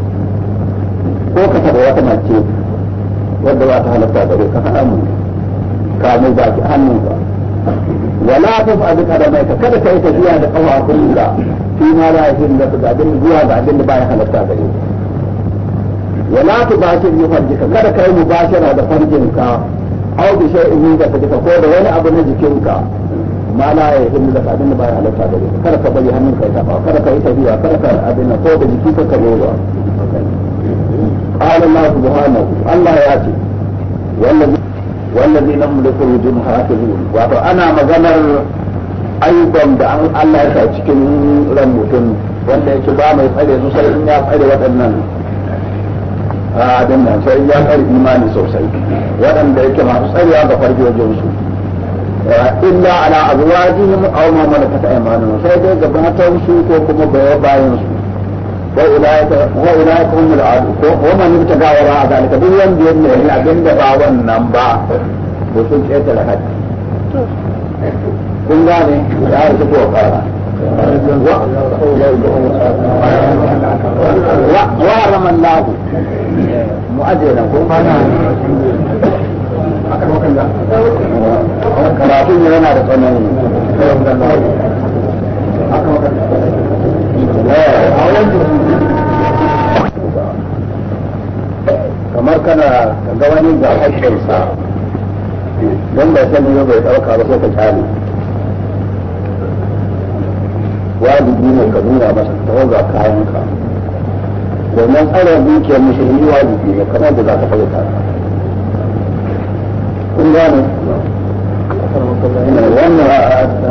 خوك تبوات مالتين ودوات حلت بضريك هنمون كامل باك هنمون ولا تفعل كرميك كده كي تجيان قوى كلها فيما لا يحل لك بعدين جوا بعدين باي حلقة بعدين ولا تباشر يفرجك كذا كاي مباشرة هذا فرجك أو بشيء من جسدك كود ولا أبو نجكك ما لا يحل لك بعدين باي حلقة بعدين كذا كبي همين كذا كذا كاي تبيع كذا أبن كود جسدك كلوه قال الله سبحانه الله ياتي والذي والذين هم لفروجهم حافظون وأنا مغنر ayyukan da Allah ya sa cikin ran mutum wanda yake ba mai tsare su sai in ya tsare waɗannan abin nan sai ya tsare imani sosai waɗanda yake masu tsarewa ga wajen su illa ala azwajihim aw ma malakat aymanuhum sai dai ga matan su ko kuma bayan su wa ilaika wa ilaika humul adu ko wa man yabtaga wara zalika duk wanda ya nemi abin da ba wannan ba ko sun ta lahadi kun gane da aka fito wa fara wa raman lahu mu'ajiran ko karatun yana da tsanani kamar kana ga wani ga haƙƙinsa don bai sani bai ɗauka ba sai ka tsari wajibi ne ka nuna masa tawaga kayanka domin tsara dukiyar musulmi wajibi ne kamar da za ka fara ta kun gane wannan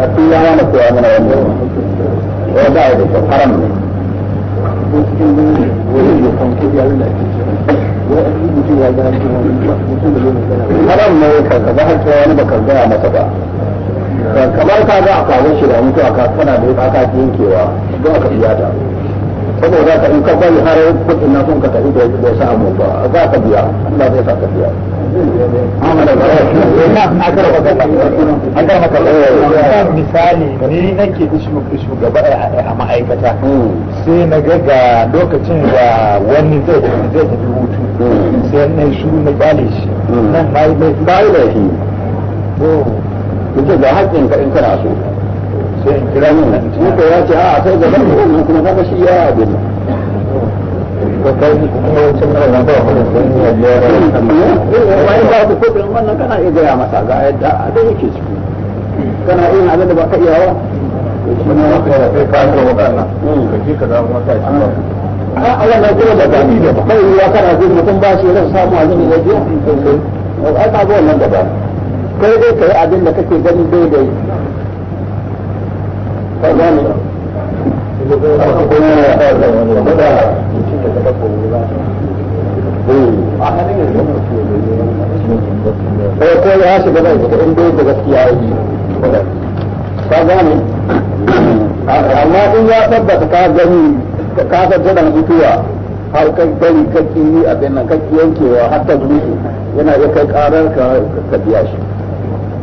a tuya mana koya mana wannan ya ba da haram ne haram ne ka ba har wani baka gaya masa ba kamar ka ga akwai shi da mutuwa ka kana da ka ka yankewa don ka biya ta saboda ka in ka bari har kudin na sun ka tafi da bai samu ba za ka biya Allah zai sa ka biya kan eh. misali ni nake shugaba a ma'aikata hmm. sai na ga ga lokacin da wani zai zai tafi hutu hmm. sai na shuru na bale shi hmm. nan ma yi laifi kuke ga haƙƙin ka in kana so sai in kira nan ko ya ce a sai gaban ku nan kuma shi ya ne ko kai kuma nan na ba ko ya ya wai ba ku kudin wannan kana iya gaya masa ga yadda da yake ciki kana yin abin da ba ka iya wa kuma kai ka mm. ka wannan ka ji ka da shi Allah na da gani da ba kai ya kana jin mutum ba shi samu ai ka ga wannan da ba kai dai kai abin da kake gani daidai ka gane eh, ko ya shiga zai fita in dai da gaskiya yi ka gane amma in ya tabbata ka gani ka ga jiran mutuwa har kai gari kake yi abin nan kake yankewa har ta yana ya kai karar ka biya shi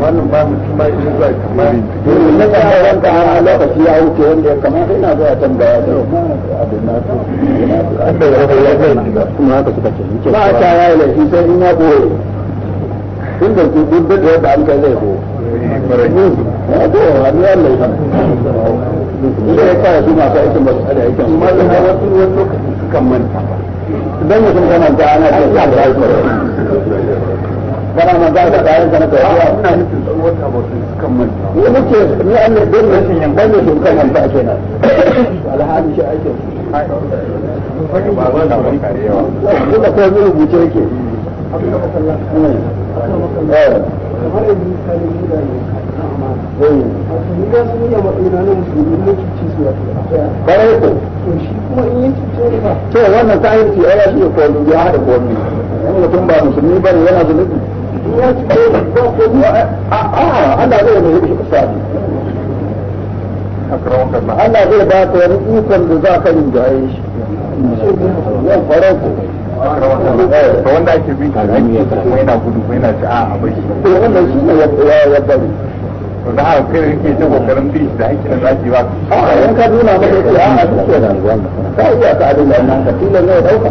wannan ba mu ba shi zuwa kamari na kan da ranka har lokaci ya wuce wanda ya kamata ina zuwa tambaya da abin na su da ya ga ya ga kuma haka suka ce ba ta ya laifi sai in ya koyi tun da ku duk da yadda an kai zai ko ya to wani ya laifi ne ya kaya su masu aikin ba su tsada aikin su ma da wasu wani lokaci sukan manta dan mutum kana da ana da ya kana ma za ka kayan da ka yawa ina nufin dan wata ba su kan manta ni ni an ne yan bane kan manta kenan shi ake ko zai rubuce yake. To wannan ta yi shi ko ya haɗa ko Mutum ba musulmi yana zunubi. Allah zai mai zai ba ka wani ikon da za ka yin jaye shi yau farauku ka wanda ake bi ka ake kuma yana gudu kuma yana ci a abai shi to wannan shi ne ya bari da haka kai rike ta kokarin bi da ake da zaki ba a yan ka nuna maka ce a a duke nan wannan ka iya ka nan ka ne dauka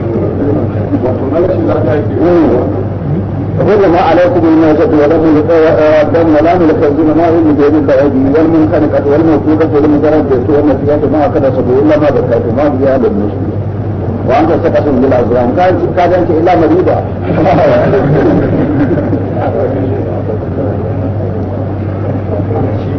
حرم عليكم الميتة والدم ولا ملك الدم ما هم بيد البعيد والمنخنقة والموقوفة والمتردية والمسيئة ما كذا صدور إلا ما ذكرت ما بها للمشرك وأنت سقسم بالأزلام كان كان أنت إلا مريضة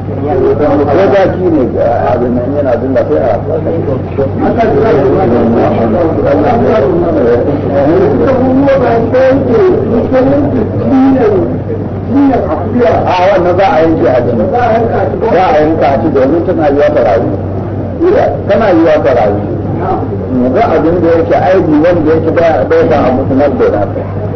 ko da ki ne ga abin nan yana jin da a a yanka a domin tana yiwa farawi tana yiwa farawi ga abin da yake aibi wanda yake bai da a mutu na bai na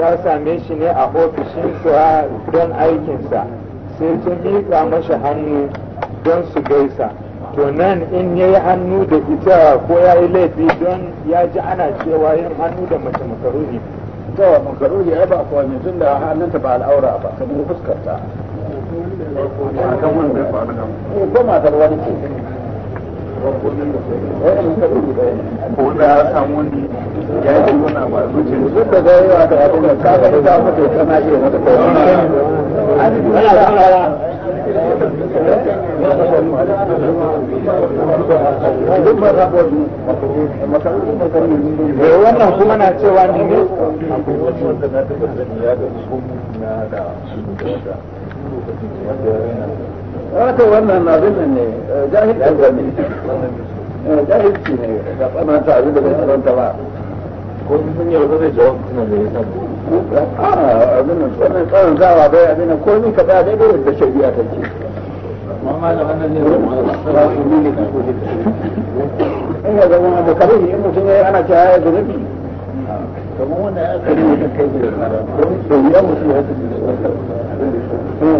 ta same shi ne a a don aikinsa sai ta miƙa mashi hannu don su gaisa to nan in ya yi hannu da ita ko ya yi laifi don ya ji ana cewa yin hannu da mace makaruni to makaruni ai ba kuwa mai tun da hannunta ba al'aura ba kamar fuskarta a kan wani ba eh, matar wani ce ko da ya samu ni ya yi duk da zai yawa da abin da ka faɗi za mu iya mata kai da wannan kuma na cewa ne ne da da wato ah, wannan abin nan ne eh, jahilci ne jahilci eh, ne ga tsananta abin da bai ta ba ko sun yi wata zai jawab suna da ya a ah, abin nan tsanan a zawa bai abin nan ko ni ka ba daidai yadda shari'a ta ce eh, in ga zama abu ne in mutum ya yi ana cewa ya zunubi ah, kamar ya kai da ya ya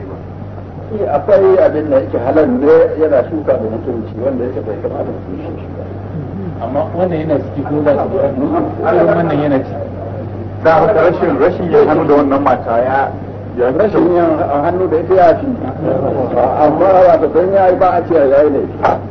ciki eh, akwai abin da yake halal ne yana shuka da mutunci wanda yake bai kamata mutum shi amma wannan yana ciki ko za su wannan yana ciki da haka rashin rashin ya hannu da wannan mata ya ya rashin yin hannu da ita ya fi amma ba ta san ba a ce yayi ne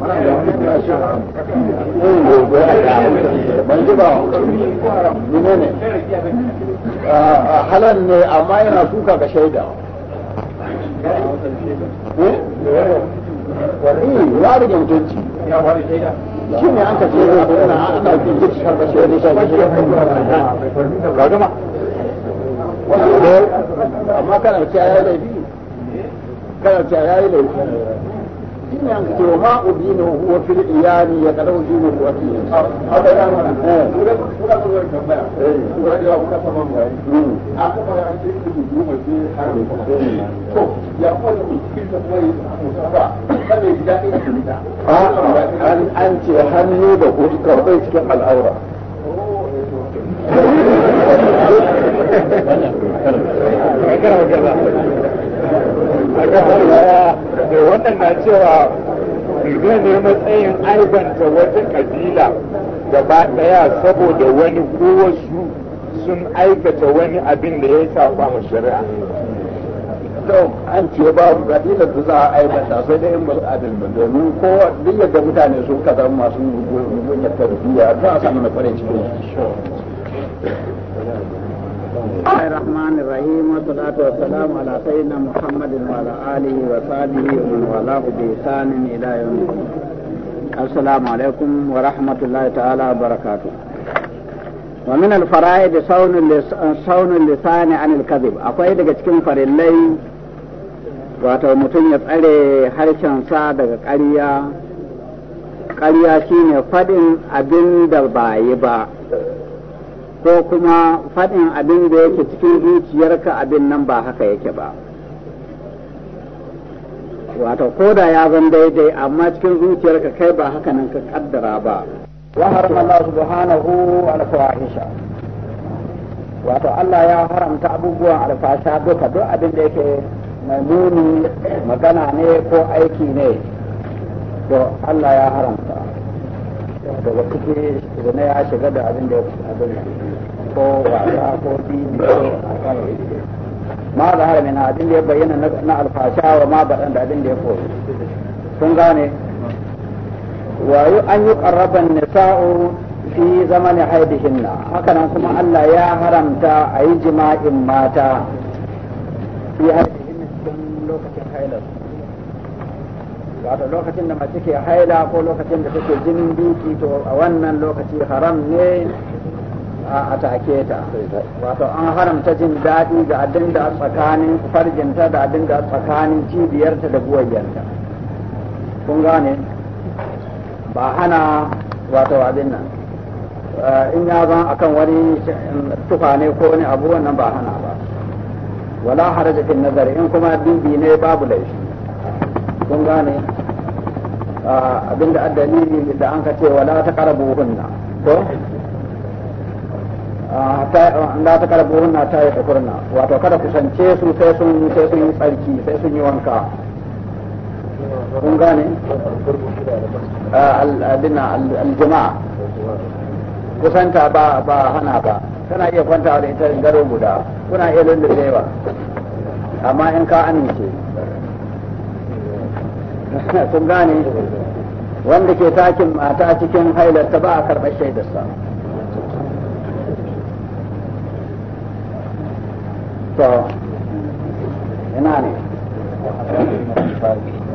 ban ne amma yana ga shaida ya rage mutunci shi ne an ka ce na ana kin ji shar ga gama amma kana ce ya laifi kana ce ya laifi ينكرها ودينه هو في الإيان يكره دينه هو فيه هذا لا معنى أن يقول أنت أنت بقول كربيت كم الأورا كرم wannan na cewa riga ne matsayin aibanta wata kabila gaba ɗaya saboda wani ko wasu sun aikata wani abin da ya shafa mu shari'a to an ce babu kabila da za a aibanta sai dai in ba adil ba domin ko duk yadda mutane sun kaza masu mugunyar tarbiyya za a samu na farin cikin su الله الرحمن الرحيم والصلاة والسلام على سيدنا محمد وعلى آله وصحبه ومن والاه بإحسان إلى يوم الدين. السلام عليكم ورحمة الله تعالى وبركاته. ومن الفرائض صون صون اللسان عن الكذب أقول لك تكون فريلي wato mutum ya tsare harshen sa daga ƙarya ƙarya shine faɗin abin da ba yi ba ko kuma faɗin abin da yake cikin zuciyarka abin nan ba haka yake ba wato ko da ya zan daidai amma cikin zuciyarka kai ba haka nan ka kaddara ba wa harama subhanahu al-fahisha wato Allah ya haramta abubuwan alfasha duka duk abin da yake mai muni magana ne ko aiki ne to Allah ya haramta daga ciki da ya shiga da abin da ya abin ماذا ظهر من هذا اللي يبين نعرف الفاشا وما بعد عند يقول كن غاني وأن يقرب النساء في زمن حيدهن هكذا كما ألا يا هرمتا أي جماء ماتا في حيدهن كن لوكة حيلة بعد لوكة لما تكي حيلة أقول لوكة لما تكي جنبي كي تو أولا لوكة حرمني a atake ta wato an haramta jin daɗi ga abin da tsakanin farjinta da abin da tsakanin cibiyarta da buwayyarta kun gane ba hana wato abin nan in ya zan akan wani tufane ko wani abu wannan ba hana ba wala haraja fil nazari in kuma dubi ne babu laifi kun gane abinda addalili da an ka ce wala ta karabu hunna to la ta karbu hunna ta yi kurna wato kada kusance su sai sun sai sun yi tsarki sai sun yi wanka kun gane al-adina al-jama'a kusanta ba ba hana ba kana iya kwanta da ita garo guda kuna iya ba amma in ka amince kun gane wanda ke takin mata cikin hailarta ba a karɓar shaidarsa ta ina ne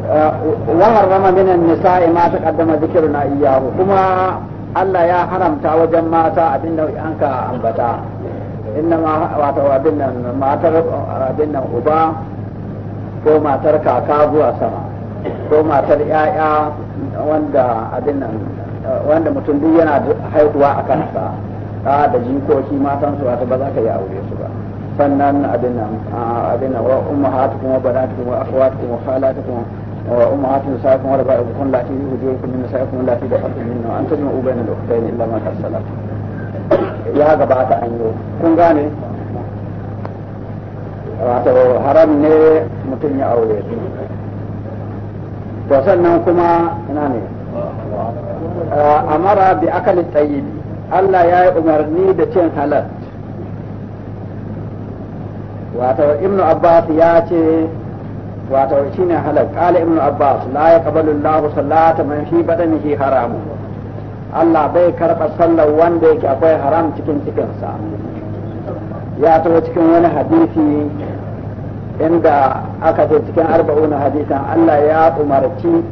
wa ah, harrama min an-nisa'i ma taqaddama dhikruna iyyahu kuma Allah ya haramta wajen mata abinda anka ambata inna ma wata abin nan matar abin nan uba ko matar kaka zuwa sama ko matar yaya wanda abin nan wanda mutum duk yana haihuwa a kansa da jinkoki matan su wata ba za ka yi aure su ba sannan abin nan abin nan wa ummahatukum wa wa wa lati lati an ya an yi kun gane wato haram ne mutum ya aure su to sannan kuma ina ne amara bi Allah ya yi umarni da cin halal wato ibnu abbas ya ce wato shine halal qala ibnu abbas la yaqbalu allah salata man fi badanihi haramu Allah bai karɓa sallar wanda yake akwai haram cikin cikinsa ya taɓa cikin wani hadisi inda aka ce cikin arba'una hadisan Allah ya umarci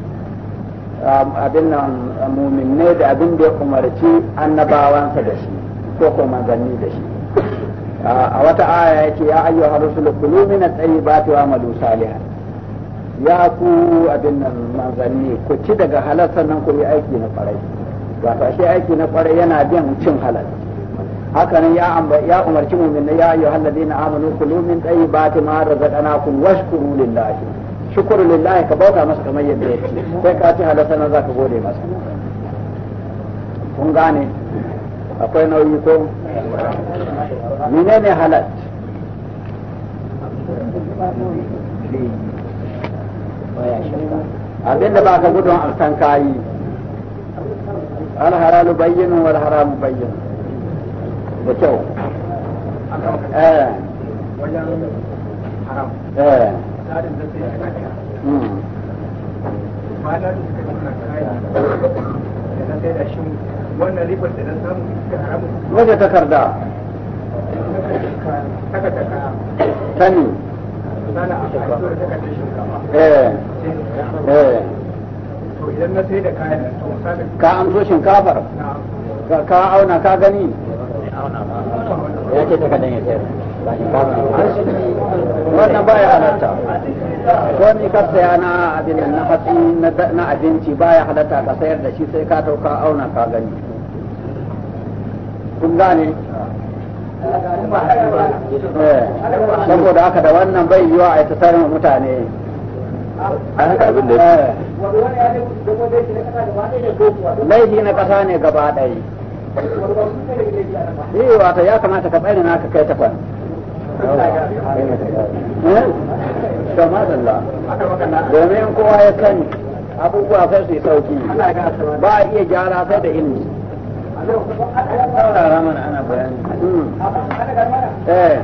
um, abin nan muminai da abin da ya umarci annabawansa da shi ko ko manzanni da shi a wata aya ya ce ya ayyu harusulu kulu min at-tayyibati wa amalu salihan ya ku abin nan manzanni ku ci daga halal sannan ku yi aiki na kwarai wato ashe aiki na kwarai yana bin cin halal haka nan ya amba ya umarci mu'min ya ayyu alladhina amanu kulu min tayyibati ma razaqnakum washkuru lillahi shukuru lillahi ka bauta masa kamar yadda yake sai ka ci halal sannan zaka gode masa kun gane akwai nauyi ko menene halat abinda ba ka gudun kan kayi alharalu bayyinin wal haramu da kyau eh, eh. Hmm. wannan ribar da na samu ita haramun takarda ka tani sana a kasuwar shinkafa eh eh to idan na sai da kayan to ka amso shinkafar ka auna ka gani ya ce ya sayar wannan baya halatta ko ni ka saya na abin na hatsi na abinci baya halatta ka sayar da shi sai ka tauka auna ka gani kun gane eh. saboda haka da wannan bai yiwa a ta tsarin mutane a haka abin da ya eh. laifi na ƙasa ne gaba ɗaya. Yi eh, wata ya kamata ka tsare na ka kai takwan. domin kowa ya sani abubuwa sai su yi sauki ba a iya gyara sai da ilimi saurara mana ana bayani hmm. eh.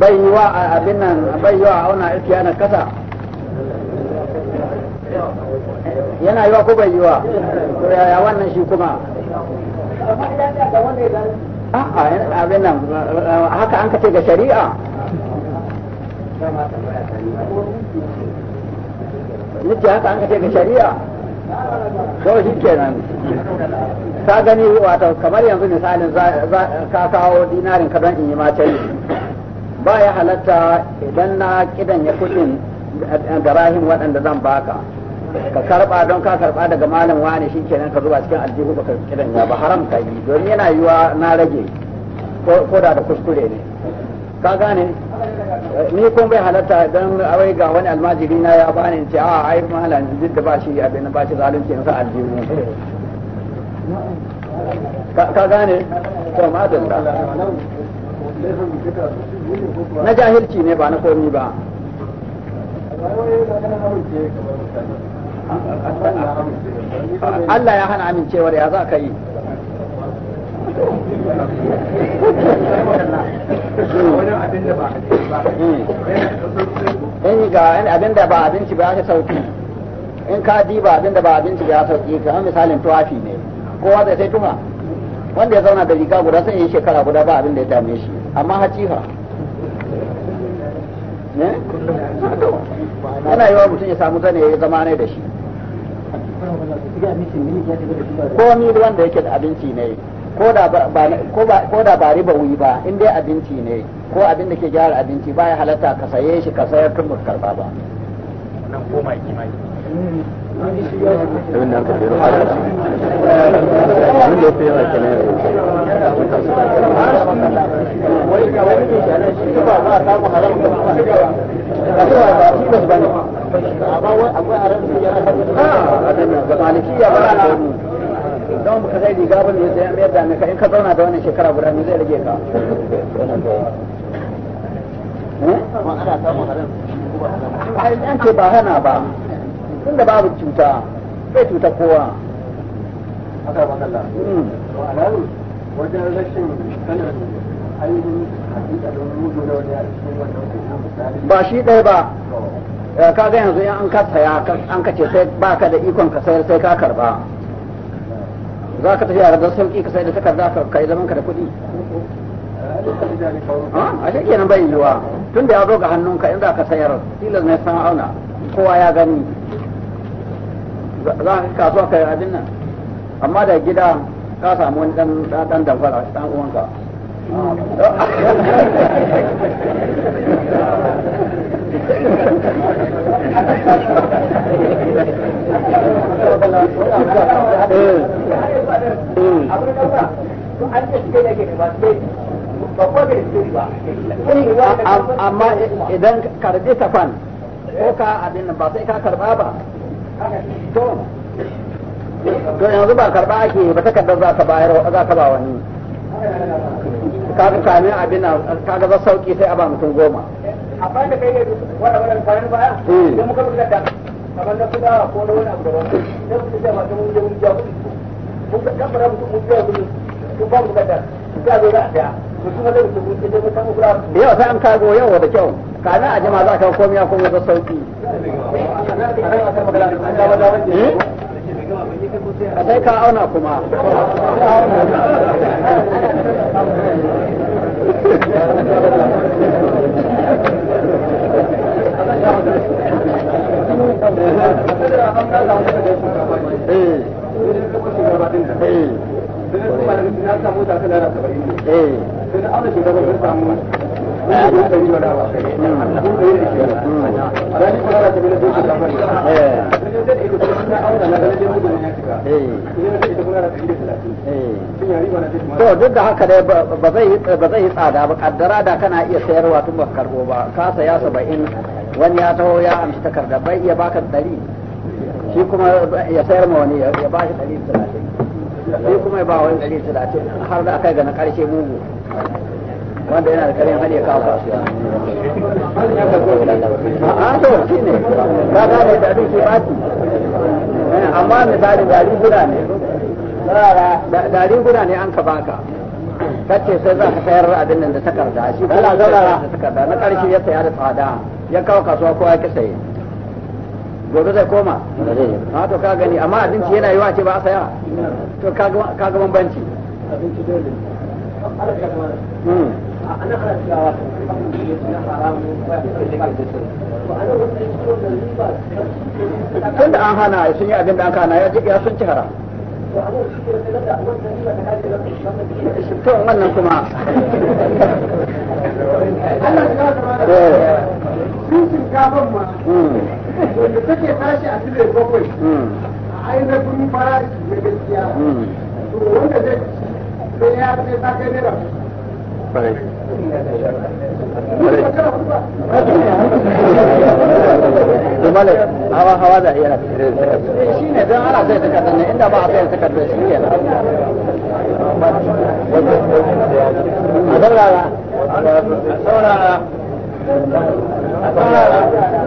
bai yi wa abin nan bai yi wa auna iskiya na kasa yana yiwa ko bai yiwa to yaya wannan shi kuma abin nan haka an kace ga shari'a nace haka an kace ga shari'a kawai shi kenan ka gani wato kamar yanzu misalin ka kawo dinarin ka don in yi mace ba ya halatta idan na kidan ya kudin da eh, eh, rahim waɗanda zan baka ka karba don ka karba daga malam wani shi kenan ka zuba cikin aljihu baka kidan ya ba haram ka yi don yana yiwa na rage ko da da kuskure ne ka gane ni kun bai halatta don awai ga wani almajiri na ya bani ce a ah, ai malam duk da ba shi abin ba shi zalunci na sa aljihu ka gane to da na jahilci ne ba na komi ba Allah ya hana amincewar ya za ka yi in ga abin da ba abinci ba ya sauki in ka diba abin da ba abinci ba ya sauki kamar misalin tuwafi ne kowa zai sai tuha wanda ya zauna da riga guda sun yi shekara guda ba abin da ya dame shi amma hacifa ne? ana yi wa mutum ya samu zane ya zama ne da shi komi wanda yake da abinci ne ko da ba riba wuyi ba in dai abinci ne ko abin da ke gyara abinci ba ya halatta ka saye shi ka sayar tun ba karba ba abin da da shi abin da ya don ka riga ba ne zai da in ka zauna da wannan shekara guda ne zai rage ka eh? an ce ba hana ba tunda babu cuta bai cuta kowa haka makalla hmm. to alamu wajen rashin sanin ba shi ɗaya ba ka ga yanzu an ka saya an ka ce sai ka da ikon ka sayar sai ka karba za ka tafi a radar sauki ka sai da takarda ka kai zaman ka da kuɗi a ah, shi kenan bai yiwa tun da ya zo ga hannunka in za ka sayar tilas ne san auna kowa ya gani za ka kasuwa kai abin nan amma da gida ka samu wani dan dan fara dan uwanka eh. amma idan karbi tafan ko ka abin ba sai ka karba ba to yanzu ba karba ake ba takardar za ka bayar za ka ba wani kaga kame abin ka ga za sauki sai a ba mutum goma a bayan da kai ne wanda wanda kwanan baya eh. muka da na kuda ko na wani abu da sai masu mun mun kuɗi mun mutum kuɗi mu zo a yau sai an kago yau da kyau kana a jama'a za ka komiya komai da sauki a eh? sai ka auna kuma Eh. eh. to duk da haka dai ba zai yi tsada ba kaddara da kana iya sayarwa tun ba karbo ba ka saya saba'in wani ya taho ya amshi takarda bai iya baka dari shi kuma ya sayar ma wani ya ba bashi dari talatin sai kuma ya ba wani ɗari talatin har da aka yi gana karshe mugu wanda yana da karin hali ya kawo kasuwa a an to shi ne ba ga ne da abin ke baki amma misali dari guda ne dari guda ne an ka baka kace sai za ka sayar abin nan da takarda shi kuma da takarda na karshe ya saya da tsada ya kawo kasuwa kowa ya ki saye gobe zai koma a ah, to ka gani amma abinci yana yiwa ce ba a saya to ka ga bambanci abinci dole hmm. tun da an hana sun yi abin da an kana ya sun ci haram to wannan kuma shinkafan ma take a cikin bakwai a ainihin farashi na gaskiya to wanda zai ci sai ya ta kai naira malam hawa hawa da shi ne don ana ne inda ba a sai takardu shi ne a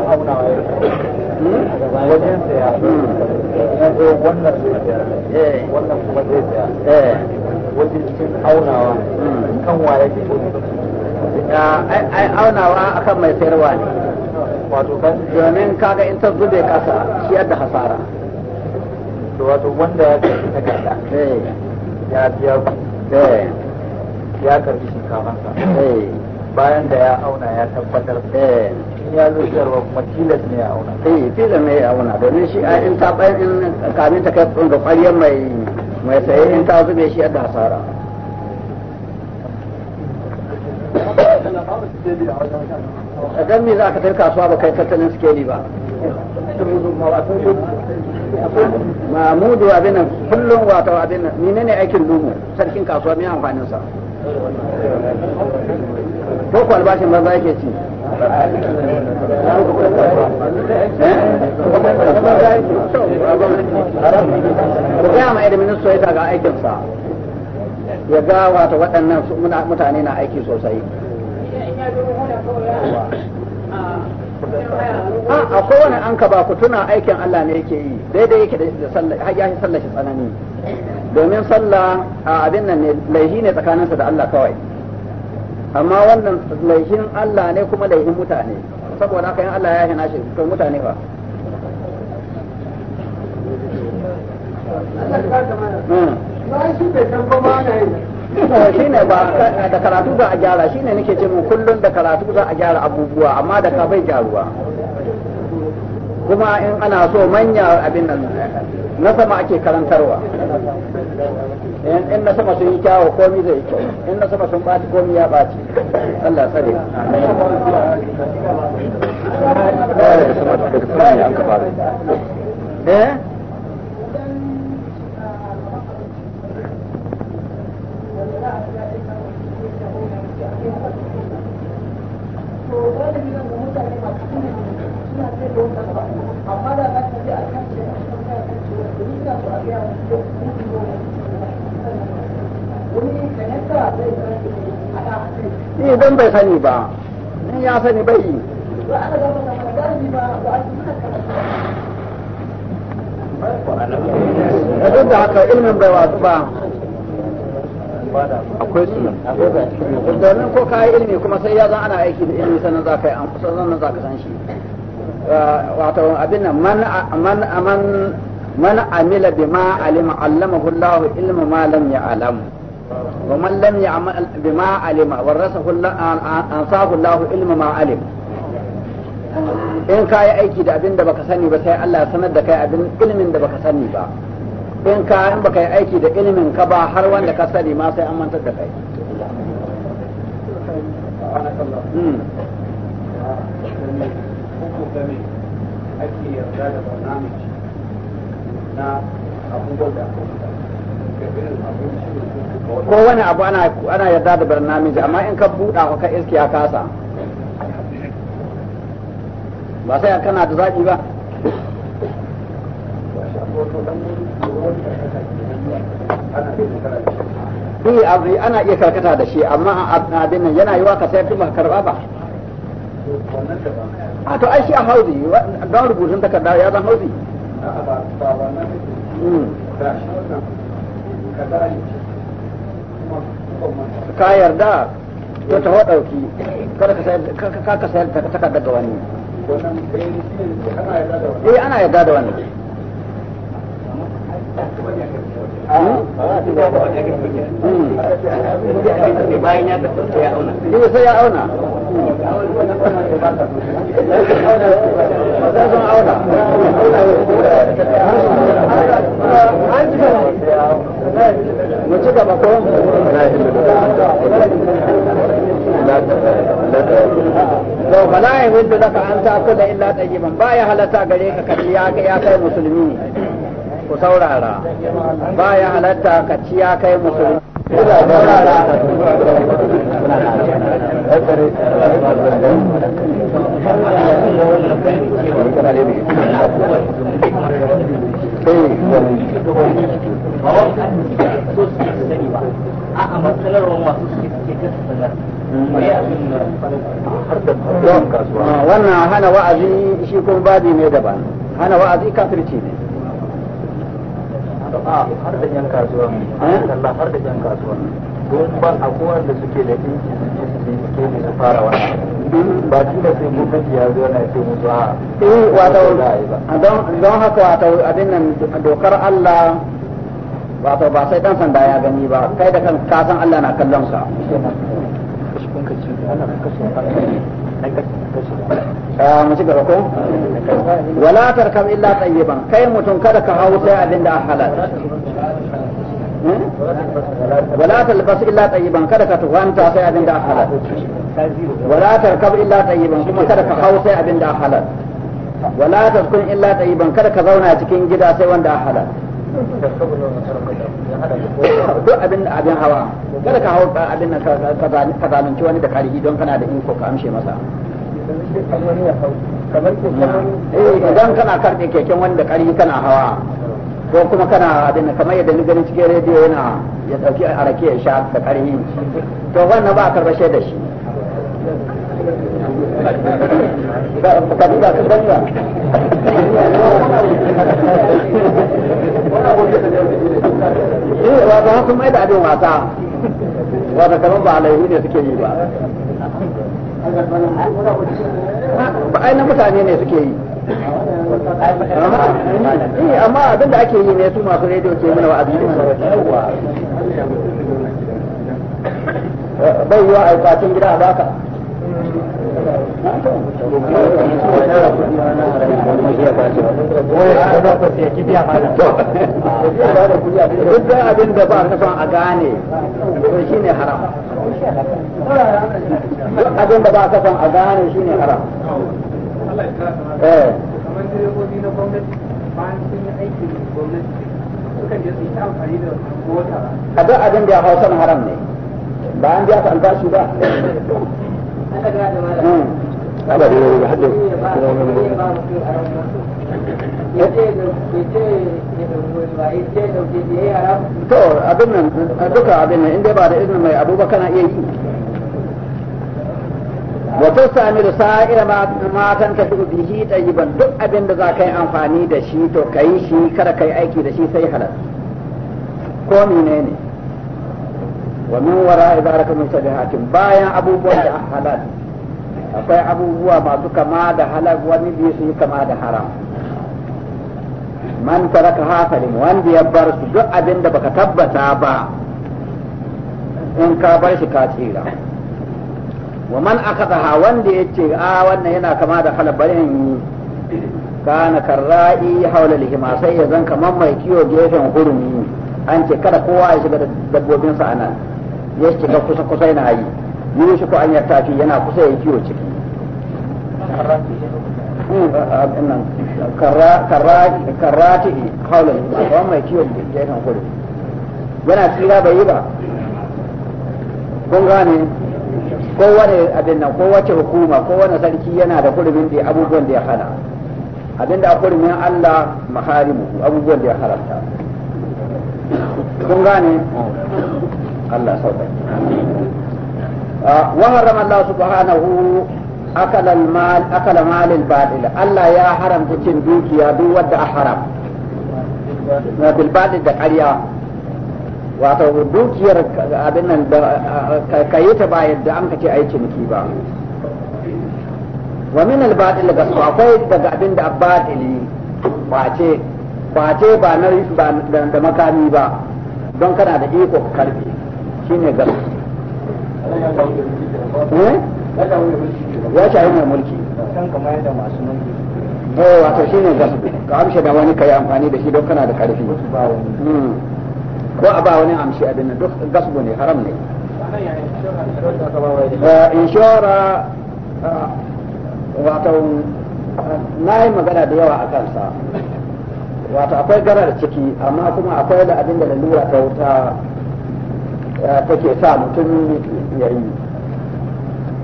a a wajen hmm? hmm? eh. wannan wannan kuma zai wajen cin aunawa kan waye ke ai aunawa akan mai sayarwa ne wato kan domin kaga in ta zube kasa shi da hasara to wato wanda ya karbi ta gada eh. ya biya eh. eh. bayan da ya auna ya tabbatar ya zo kuma tilas ne ya auna eh ne ya auna domin shi in ta bayan in kamin ta kai ga mai mai saye in ta zube shi yadda asara a dan me za ka kai kasuwa ba kai tattalin sikeli ba mamudu abin nan kullum wato abin nan ni ne aikin lumo sarkin kasuwa mai amfaninsa ko ku albashin za ke ci ku da minista ya ga aikinsa ya ga wata waɗannan mutane na aiki sosai a kowane an ka ba ku tuna aikin Allah ne yake yi daidai yake da ya sallah tsanani domin sallah a abin nan ne laihi ne tsakaninsa da Allah kawai amma wannan laifin Allah ne kuma laifin mutane saboda haka in Allah ya hina shi to mutane ba hmm. shi ne ba da karatu za a gyara shi ne nake ce mu kullum da karatu za a gyara abubuwa amma da ka bai gyaruwa kuma in ana so manya abin nan na sama ake karantarwa in na sama sun yi kyawo komi zai kyau in na sama sun baci komi ya baci Allah tsare eh idan bai sani ba in ya sani bai yi da duk da haka ilmin bai wasu ba akwai su domin ko kayi ilmi kuma sai ya zan ana aiki da ilimi sannan za ka yi an kusa sannan za ka san shi wato abin nan man man man man amila bima alima allamahu Allah ilma ma lam ya'lam ومن لم يعمل بما علم ورثه أنصاه الله علم ما علم in ka yi aiki da abin da baka sani ba sai Allah sanar da kai abin ilimin da baka sani ba in ka in baka yi aiki da ilimin ka ba har wanda ka sani ma sai an mantar da kai da abubuwan da ko wani abu ana ana yarda da barnamiji amma in ka buɗa ka iske ya kasa ba sai kana da zaɓi ba Eh abu ana iya karkata da shi amma abin nan yana yiwa ka sai kuma karba ba a to ai shi a hauzi don rubutun takarda ya zan hauzi ka yarda to ta ɗauki kada ka sayar ka ka sayar ta takarda ga wani eh ana yarda da wani Iya sai ya auna. auna. To bala ya wanda zaka an ta kuda illa tayyiban ba ya halata gare ka kalli ya kai musulmi. ku saurara ba ya halatta ka ciya kai musulmi a eh. wannan hana wa'azi shi kuma babi ne daban hana wa'azi kafirci ne har da yan kasuwa eh? Allah har da yan kasuwa don ba a da suke da inci su su ne su fara wannan hmm. ba shi sai gwamnati ya zo na ce musu eh wato don haka wato abin nan dokar Allah wato ba sai dan sanda ya gani ba kai da kan kasan Allah na kallon sa Ah, mu ci gaba ko wala illa tayyiban kai mutum kada ka hawo sai abin da halal hmm? wala talbas illa tayyiban kada ka tuhanta sai abin da halal wala tarkab illa tayyiban kuma kada ka hawo sai abin da halal wala taskun illa tayyiban kada ka zauna cikin gida sai wanda halal duk abin abin hawa kada ka abin nan ka zalunci wani da karihi don kana da inko ka amshe masa Eh, idan kana karɗe keken wanda ƙari kana hawa ko kuma kana abin kamar yadda ni ganin cikin rediyo yana ya ɗauki a rake ya sha da ƙari to wannan ba a karbashe da shi ba suke yi ba ba mutane ne suke yi eh, amma abin da ake yi ne su masu rediyo ke mana wa'azi da bai yiwa a gida a baka duk da abin da ba son a gane to shi ne haram duk abin da ba ka son a gane shi ne haram a duk abin da ya hau haram ne bayan biya ka ba to abin nan duka abin nan inda ba da izinin mai abubakar na iya yi wato sami da sa'ira matan ka duk bihi tsayiban duk abin da za ka yi amfani da shi to ka yi shi kada ka yi aiki da shi sai halar ko ne ne wa min wara ibaraka mustajahatin bayan abubuwan da halal akwai abubuwa masu kama da halal wani biyu su kama da haram man taraka hasalin wanda ya bar su duk abin da baka tabbata ba in ka bar shi ka tsira wa man akadaha wanda ya ce a wannan yana kama da halal bari in yi kana karra'i haula lihima sai ya zan kaman mai kiwo gefen hurumi an ce kada kowa ya shiga dabbobinsa a nan ya shiga kusa kusa yana yi yi shi ko an yarta fi yana kusa ya kiwo ciki karrati haula ba mai kiwo da yana kudu yana tsira bai yi ba kun gane kowane abin nan kowace hukuma kowane sarki yana da kurbin da abubuwan da ya hana abin da kurbin Allah maharimu abubuwan da ya haramta kun gane Allah sauka ah, wa haram Allah subhanahu akala mal akala mal Allah ya haramta cin dukiya duk wadda a haram na bil da ƙarya wato dukiyar abin nan da yi ta ba yadda an ce ai ciniki ba wa min al da ga su akwai daga abin da batili kwace kwace ba na da makami ba don kana da iko karfi shine gaba eh? ya shayi mai mulki kan kamar yadda masu mulki eh wato shine gaba ka amshe da wani ka yi amfani da shi don kana da karfi hmm. ko a ba wani amshi a nan duk gasbo ne haram ne eh, inshora eh, wato na yi magana da yawa a kansa wato akwai garar ciki amma kuma akwai da abin da lura ta wuta kake sa mutum ya yi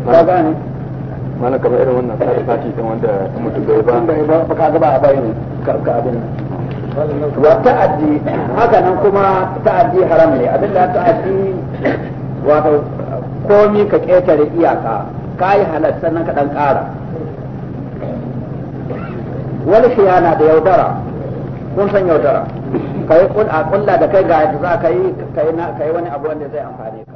ka gane mana kamar irin wannan sai sati din wanda mutum bai ba bai ba ba ka ga ba bayani ka abin wa ta'addi haka nan kuma ta'addi haram ne abin da ta'addi wato komi ka ketare iyaka ka yi halal sannan ka dan ƙara wal khiyana da yaudara kun san yaudara kai a kulla da kai ga yadda za ka yi wani abu wanda zai amfani ka